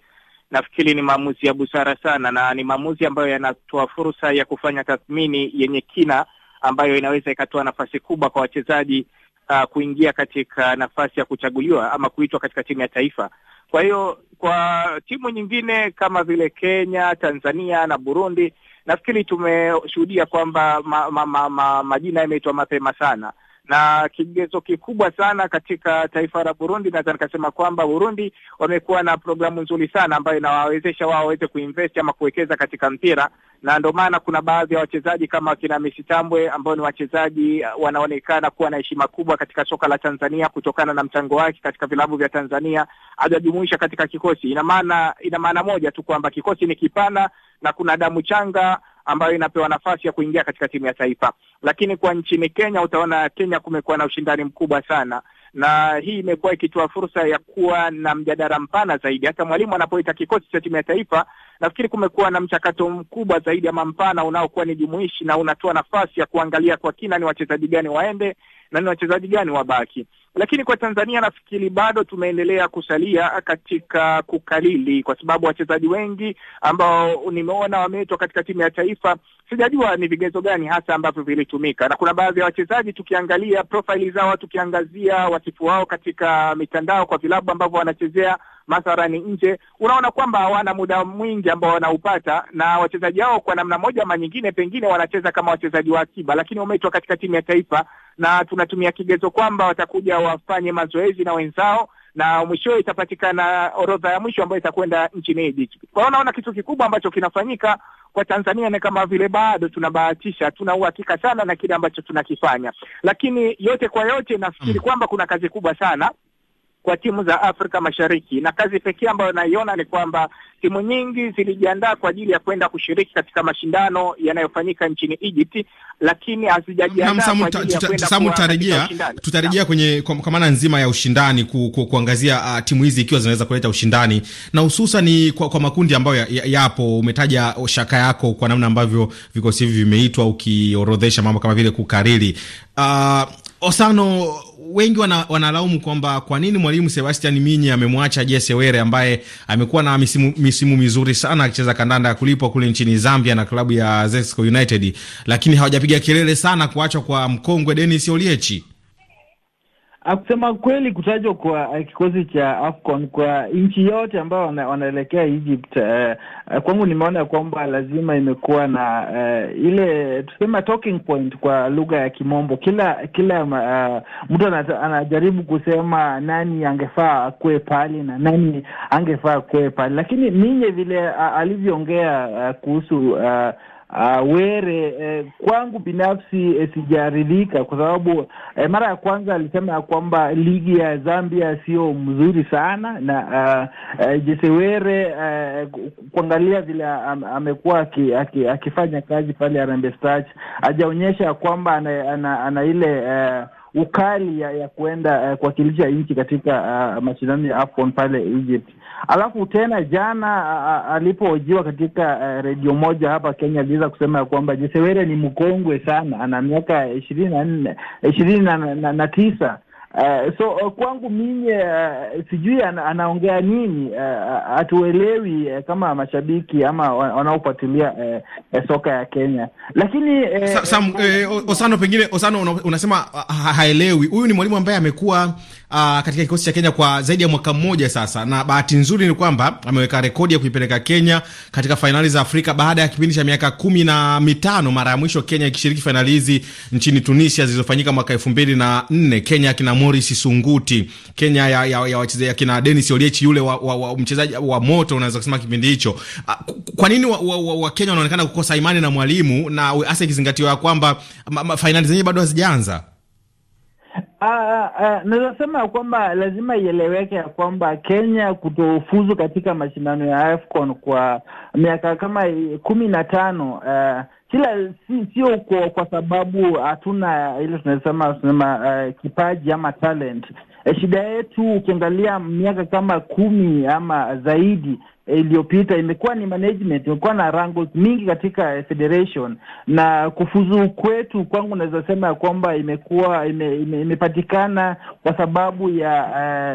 nafikiri ni maamuzi ya busara sana na ni maamuzi ambayo yanatoa fursa ya kufanya tathmini yenye kina ambayo inaweza ikatoa nafasi kubwa kwa wachezaji uh, kuingia katika nafasi ya kuchaguliwa ama kuitwa katika timu ya taifa. Kwa hiyo kwa timu nyingine kama vile Kenya, Tanzania na Burundi, nafikiri tumeshuhudia kwamba ma, ma, ma, ma, majina yameitwa mapema sana na kigezo kikubwa sana katika taifa la Burundi. Naweza nikasema kwamba Burundi wamekuwa na programu nzuri sana ambayo inawawezesha wao waweze kuinvest ama kuwekeza katika mpira, na ndio maana kuna baadhi ya wachezaji kama wakina Messi Tambwe ambao ni wachezaji uh, wanaonekana kuwa na heshima kubwa katika soka la Tanzania kutokana na mchango wake katika vilabu vya Tanzania, hajajumuisha katika kikosi. Ina maana ina maana moja tu kwamba kikosi ni kipana na kuna damu changa ambayo inapewa nafasi ya kuingia katika timu ya taifa. Lakini kwa nchini Kenya utaona Kenya kumekuwa na ushindani mkubwa sana na hii imekuwa ikitoa fursa ya kuwa na mjadala mpana zaidi. Hata mwalimu anapoita kikosi cha timu ya taifa, nafikiri kumekuwa na mchakato mkubwa zaidi ama mpana unaokuwa ni jumuishi na unatoa nafasi ya kuangalia kwa kina ni wachezaji gani waende na ni wachezaji gani wabaki. Lakini kwa Tanzania nafikiri bado tumeendelea kusalia katika kukalili, kwa sababu wachezaji wengi ambao nimeona wameitwa katika timu ya taifa sijajua ni vigezo gani hasa ambavyo vilitumika, na kuna baadhi ya wachezaji tukiangalia profaili zao, tukiangazia wasifu wao katika mitandao kwa vilabu ambavyo wanachezea mathalani nje, unaona kwamba hawana muda mwingi ambao wanaupata, na wachezaji hao kwa namna moja ama nyingine, pengine wanacheza kama wachezaji wa akiba, lakini wameitwa katika timu ya taifa, na tunatumia kigezo kwamba watakuja wafanye mazoezi na wenzao na mwishowe itapatikana orodha ya mwisho ambayo itakwenda nchini Egypt. Kwa hiyo naona kitu kikubwa ambacho kinafanyika kwa Tanzania ni kama vile bado tunabahatisha, hatuna uhakika sana na kile ambacho tunakifanya, lakini yote kwa yote nafikiri mm. kwamba kuna kazi kubwa sana kwa timu za Afrika Mashariki, na kazi pekee ambayo naiona ni kwamba timu nyingi zilijiandaa kwa ajili ya kwenda kushiriki katika mashindano yanayofanyika nchini Egypt, lakini hazijajiandaa kwa ajili ya kwenda tutarejea tutarejea kwenye kwa maana nzima ya ushindani ku, ku, kuangazia uh, timu hizi ikiwa zinaweza kuleta ushindani na hususan ni kwa, kwa makundi ambayo yapo ya, ya umetaja oh, shaka yako kwa namna ambavyo vikosi hivi vimeitwa ukiorodhesha mambo kama vile kukariri uh, Osano wengi wana, wanalaumu kwamba kwa nini mwalimu Sebastian Minyi amemwacha Jesse Were ambaye amekuwa na misimu, misimu mizuri sana akicheza kandanda ya kulipwa kule nchini Zambia na klabu ya Zesco United, lakini hawajapiga kelele sana kuachwa kwa mkongwe Dennis Oliechi akusema kweli, kutajwa kwa eh, kikosi cha AFCON kwa nchi yote ambayo wana, wanaelekea Egypt eh, eh kwangu nimeona kwamba lazima imekuwa na eh, ile tusema talking point kwa lugha ya Kimombo. Kila kila uh, mtu anajaribu kusema nani angefaa akuwe pale na nani angefaa akuwe pale, lakini ninye vile alivyoongea uh, kuhusu uh, Uh, Were eh, kwangu binafsi eh, sijaridhika kwa sababu eh, mara ya kwanza alisema ya kwamba ligi ya Zambia sio mzuri sana na uh, eh, Jesse Were eh, kuangalia vile am, amekuwa akifanya kazi pale Harambee Stars hajaonyesha ya kwamba ana, ana, ana ile eh, ukali ya, ya kuenda uh, kuwakilisha nchi katika uh, mashindano ya AFCON pale Egypt. Alafu tena jana uh, alipohojiwa katika uh, redio moja hapa Kenya aliweza kusema ya kwamba Jesewere ni mkongwe sana, ana miaka ishirini na nne ishirini na tisa Uh, so uh, kwangu mimi uh, sijui ana, anaongea nini hatuelewi, uh, uh, kama mashabiki ama wanaofuatilia uh, uh, soka ya Kenya, lakini uh, Sa, Sam, uh, Osano pengine Osano unasema uh, haelewi. Huyu ni mwalimu ambaye amekuwa uh, katika kikosi cha Kenya kwa zaidi ya mwaka mmoja sasa, na bahati nzuri ni kwamba ameweka rekodi ya kuipeleka Kenya katika fainali za Afrika baada ya kipindi cha miaka kumi na mitano, mara ya mwisho Kenya ikishiriki fainali hizi nchini Tunisia zilizofanyika mwaka elfu mbili na nne Kenya kina Morris Sunguti, Kenya ya, ya, ya wachezaji akina Dennis Oliech yule wa, wa, wa mchezaji wa moto, unaweza kusema kipindi hicho. Ah, kwa nini Wakenya wa, wa, wanaonekana kukosa imani na mwalimu na hasa ikizingatiwa ya kwamba fainali zenyewe bado hazijaanza? Ah, ah, ya kwamba lazima ieleweke ya kwamba Kenya kutofuzu katika mashindano ya AFCON kwa miaka kama kumi na tano uh, kila sio si kwa, kwa sababu hatuna ile tunasema tunasema uh, kipaji ama talent. E, shida yetu ukiangalia miaka kama kumi ama zaidi eh, iliyopita imekuwa ni management, imekuwa na rango mingi katika eh, federation na kufuzu kwetu, kwangu naweza sema ya kwamba imekuwa ime, ime, imepatikana kwa sababu ya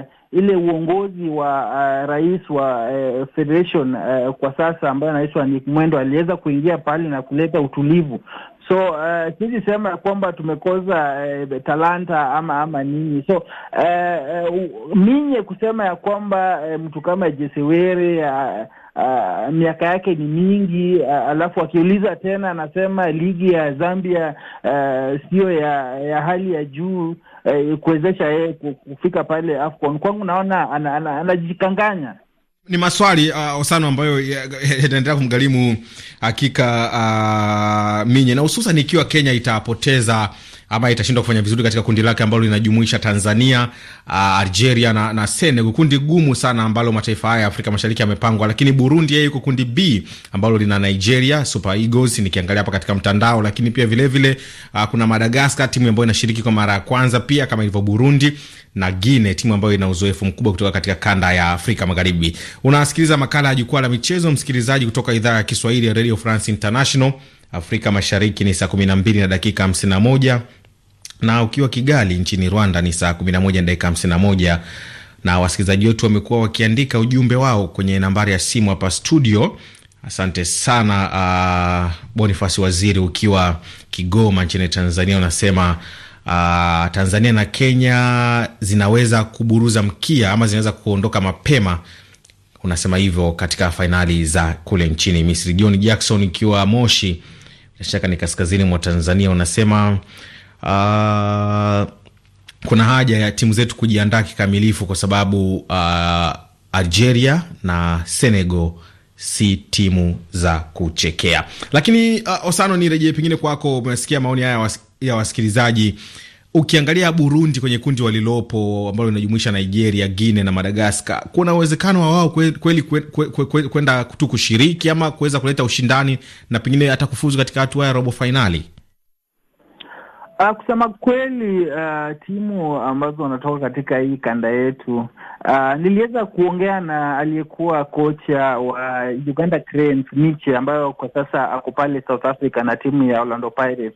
uh, ile uongozi wa uh, rais wa uh, federation uh, kwa sasa ambaye anaitwa Nick Mwendo aliweza kuingia pale na kuleta utulivu. So uh, siwezi sema ya kwamba tumekosa uh, talanta ama ama nini. So uh, uh, minye kusema ya kwamba uh, mtu kama jesewere uh, Uh, miaka yake ni mingi uh, alafu akiuliza tena anasema ligi ya Zambia uh, siyo ya, ya hali ya juu eh, kuwezesha yeye kufika pale AFCON. Kwangu naona anajikanganya ana, ana, ni maswali uh, osano ambayo yanaendelea kumgharimu hakika uh, minye na hususan ikiwa Kenya itapoteza ama itashindwa kufanya vizuri katika kundi lake ambalo linajumuisha Tanzania, uh, Algeria na, na Senegal, kundi gumu sana ambalo mataifa haya ya Afrika Mashariki yamepangwa. Lakini Burundi yeye yuko kundi B ambalo lina Nigeria, Super Eagles nikiangalia hapa katika mtandao, lakini pia vilevile vile, uh, kuna Madagascar, timu ambayo inashiriki kwa mara ya kwanza pia kama ilivyo Burundi na Guine, timu ambayo ina uzoefu mkubwa kutoka katika kanda ya Afrika Magharibi. Unasikiliza makala ya Jukwaa la Michezo, msikilizaji, kutoka idhaa ya Kiswahili ya Radio France International. Afrika Mashariki ni saa 12 na dakika 51 na ukiwa Kigali nchini Rwanda ni saa 11 dakika 51 na wasikilizaji wetu wamekuwa wakiandika ujumbe wao kwenye nambari ya simu hapa studio. Asante sana uh, Bonifasi Waziri ukiwa Kigoma nchini Tanzania unasema uh, Tanzania na Kenya zinaweza kuburuza mkia ama zinaweza kuondoka mapema, unasema hivyo katika fainali za kule nchini Misri. John Jackson ukiwa Moshi, bila shaka ni kaskazini mwa Tanzania, unasema uh, kuna haja ya timu zetu kujiandaa kikamilifu kwa sababu uh, Algeria na Senegal si timu za kuchekea. Lakini uh, Osano, nirejee pengine kwako. Umesikia maoni haya ya wasikilizaji. Ukiangalia Burundi kwenye kundi walilopo ambalo linajumuisha Nigeria, Guine na Madagaskar, kuna uwezekano wa wao kweli kwenda kwe, kwe, kwe, kwe, tu kushiriki ama kuweza kuleta ushindani na pengine hata kufuzu katika hatua ya robo fainali. Uh, kusema kweli uh, timu ambazo wanatoka katika hii kanda yetu uh, niliweza kuongea na aliyekuwa kocha wa Uganda Cranes Miche ambayo kwa sasa ako pale South Africa na timu ya Orlando Pirates.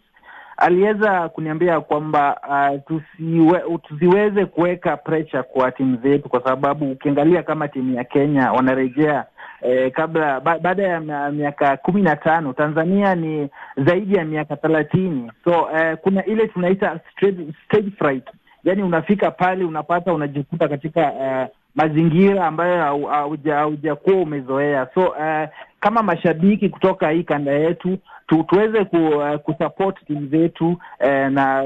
Aliweza kuniambia kwamba uh, tusiwe, tusiweze kuweka pressure kwa timu zetu, kwa sababu ukiangalia kama timu ya Kenya wanarejea eh, kabla ba, baada ya miaka kumi na tano Tanzania ni zaidi ya miaka thelathini. So eh, kuna ile tunaita stage fright, unafika pale unapata unajikuta katika eh, mazingira ambayo haujakuwa umezoea. So eh, kama mashabiki kutoka hii kanda yetu tu, tuweze ku, uh, kusupport timu zetu uh, na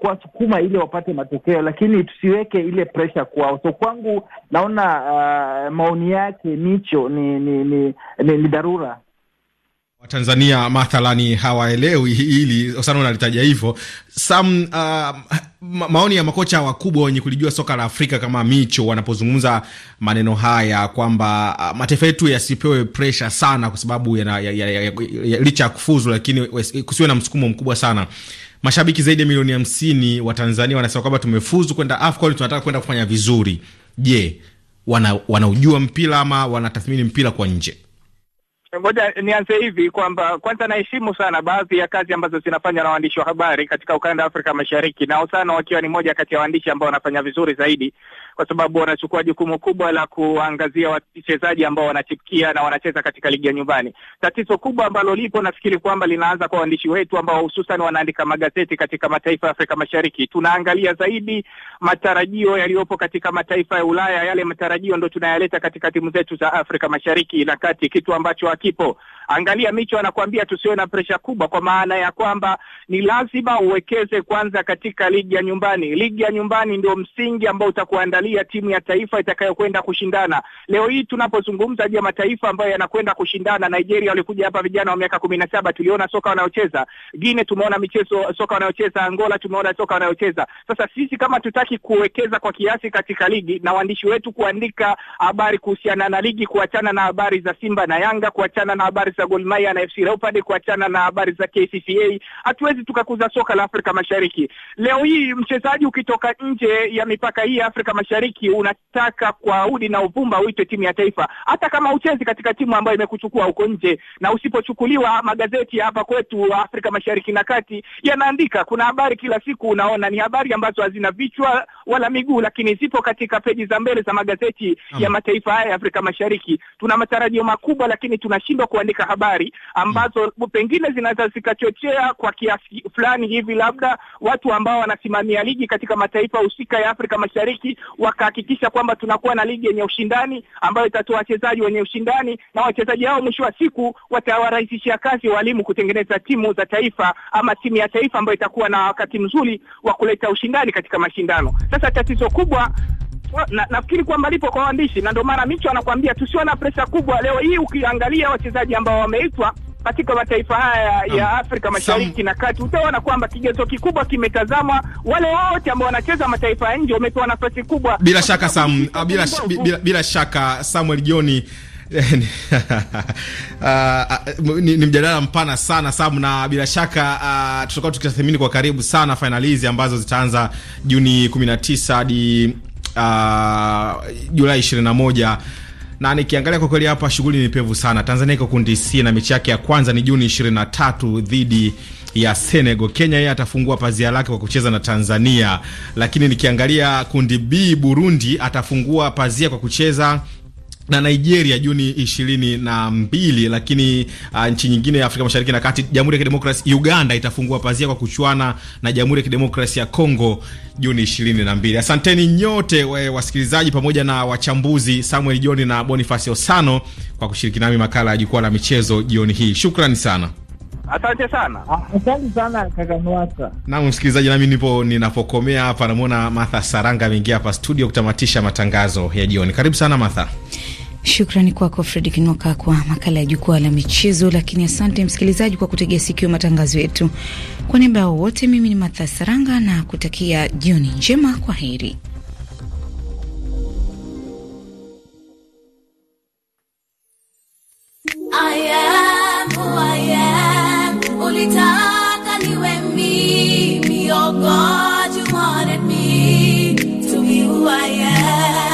kuwasukuma ili wapate matokeo, lakini tusiweke ile pressure kwao. So kwangu naona uh, maoni yake Micho ni ni, ni, ni, ni dharura Watanzania mathalani hawaelewi hili, sana, unalitaja hivyo sam uh, maoni ya makocha wakubwa wenye kulijua soka la Afrika kama Micho wanapozungumza maneno haya kwamba uh, mataifa yetu yasipewe presha sana, kwa sababu ya, ya, ya, ya, ya, licha ya kufuzu, lakini kusiwe na msukumo mkubwa sana. Mashabiki zaidi ya milioni hamsini wa Tanzania wanasema kwamba tumefuzu kwenda AFCON, tunataka kwenda kufanya vizuri. Je, wanaujua wana mpira ama wanatathmini mpira kwa nje? Ngoja nianze hivi kwamba kwanza naheshimu sana baadhi ya kazi ambazo zinafanywa na waandishi wa habari katika ukanda wa Afrika Mashariki, na sana wakiwa ni moja kati ya waandishi ambao wanafanya vizuri zaidi kwa sababu wanachukua jukumu kubwa la kuangazia wachezaji ambao wanachipukia na wanacheza katika ligi ya nyumbani. Tatizo kubwa ambalo lipo nafikiri kwamba linaanza kwa waandishi wetu ambao hususan wanaandika magazeti katika mataifa ya Afrika Mashariki. Tunaangalia zaidi matarajio yaliyopo katika mataifa ya Ulaya, yale matarajio ndo tunayaleta katika timu zetu za Afrika Mashariki na kati, kitu ambacho hakipo. Angalia Micho anakuambia tusiwe na presha kubwa, kwa maana ya kwamba ni lazima uwekeze kwanza katika ligi ya nyumbani. Ligi ya nyumbani ndio msingi ambao utakuandalia kuangalia timu ya taifa itakayokwenda kushindana. Leo hii tunapozungumza juu ya mataifa ambayo yanakwenda kushindana, Nigeria walikuja hapa vijana wa miaka kumi na saba, tuliona soka wanayocheza. Gine tumeona michezo soka wanayocheza. Angola tumeona soka wanayocheza. Sasa sisi kama tutaki kuwekeza kwa kiasi katika ligi na waandishi wetu kuandika habari kuhusiana na ligi, kuachana na habari za Simba na Yanga, kuachana na habari za Gor Mahia na FC Leopards, kuachana na habari za KCCA, hatuwezi tukakuza soka la Afrika Mashariki. Leo hii mchezaji ukitoka nje ya mipaka hii ya Afrika Mashariki Mashariki unataka kwa udi na uvumba uitwe timu ya taifa, hata kama uchezi katika timu ambayo imekuchukua huko nje. Na usipochukuliwa, magazeti hapa kwetu Afrika Mashariki na Kati yanaandika, kuna habari kila siku unaona ni habari ambazo hazina vichwa wala miguu, lakini zipo katika peji za mbele za magazeti ya mataifa haya ya Afrika Mashariki. Tuna matarajio makubwa, lakini tunashindwa kuandika habari ambazo pengine zinaweza zikachochea kwa kiasi fulani hivi labda watu ambao wanasimamia ligi katika mataifa husika ya Afrika Mashariki wa wakahakikisha kwamba tunakuwa na ligi yenye ushindani ambayo itatoa wachezaji wenye ushindani, na wachezaji hao mwisho wa siku watawarahisishia kazi walimu kutengeneza timu za taifa ama timu ya taifa ambayo itakuwa na wakati mzuri wa kuleta ushindani katika mashindano. Sasa tatizo kubwa na, nafikiri kwamba lipo kwa waandishi, na ndio maana Micho anakuambia tusiwe na presha kubwa leo hii. Ukiangalia wachezaji ambao wameitwa katika mataifa haya um, ya Afrika Mashariki na Kati, utaona kwamba kigezo kikubwa kimetazamwa. Wale wote ambao wanacheza mataifa ya nje wamepewa nafasi kubwa, bila shaka Sam, bila, bila, bila shaka Samuel Joni. Uh, ni, ni mjadala mpana sana Sam, na bila shaka uh, tutakuwa tukitathmini kwa karibu sana fainali hizi ambazo zitaanza Juni 19 hadi uh, Julai 21 na nikiangalia kwa kweli hapa shughuli ni pevu sana. Tanzania iko kundi C na mechi yake ya kwanza ni Juni 23 dhidi ya Senegal. Kenya yeye atafungua pazia lake kwa kucheza na Tanzania, lakini nikiangalia kundi B, Burundi atafungua pazia kwa kucheza na Nigeria Juni ishirini na mbili, lakini uh, nchi nyingine ya Afrika Mashariki na Kati, Jamhuri ya Kidemokrasia Uganda itafungua pazia kwa kuchuana na Jamhuri ya Kidemokrasia ya Kongo Juni ishirini na mbili. Asanteni nyote we, wasikilizaji pamoja na wachambuzi Samuel John na Boniface Osano kwa kushiriki nami makala ya jukwaa la michezo jioni hii. Shukrani sana. Asante sana. Ah, asante sana kaka Mwaka. Na msikilizaji, nami nipo ninapokomea hapa, namwona Martha Saranga ameingia hapa studio kutamatisha matangazo ya jioni. Karibu sana Martha. Shukrani kwako Fredrik Nwaka kwa makala ya jukwaa la michezo. Lakini asante msikilizaji kwa kutegea sikio matangazo yetu. Kwa niaba ya wote, mimi ni Matha Saranga na kutakia jioni njema. Kwa heri. I am who I am. Ulitaka niwe mimi, oh God, you wanted me to be who I am.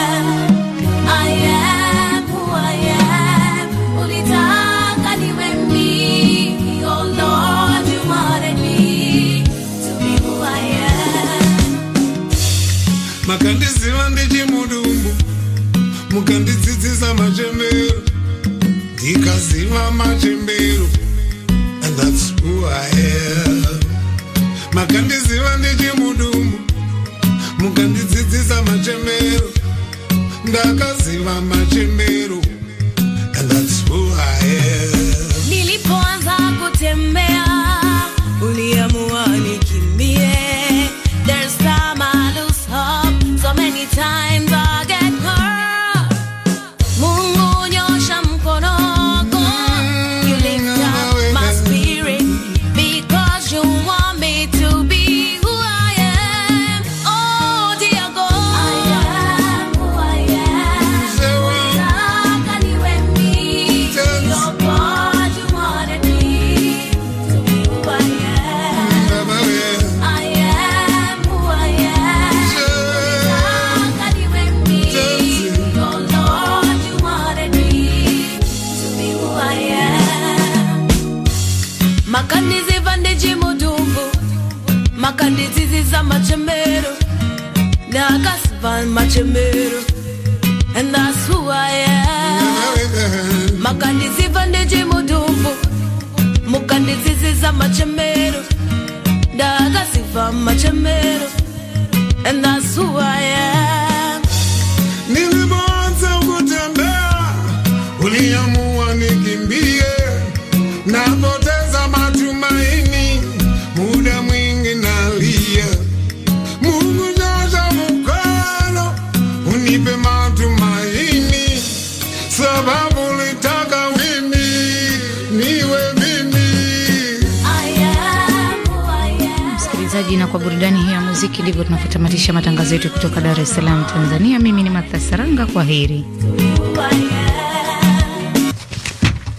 ukandidzidzisa machembero ndikaziva machembero and thats who i am makandiziva ndechimudumbu mukandidzidzisa machembero ndakaziva machembero and thats amachemero, dada sifa amachemero, and that's who I ndivyo tunavyotamatisha matangazo yetu kutoka Dar es Salaam, Tanzania. Mimi ni Matha Saranga, kwa heri.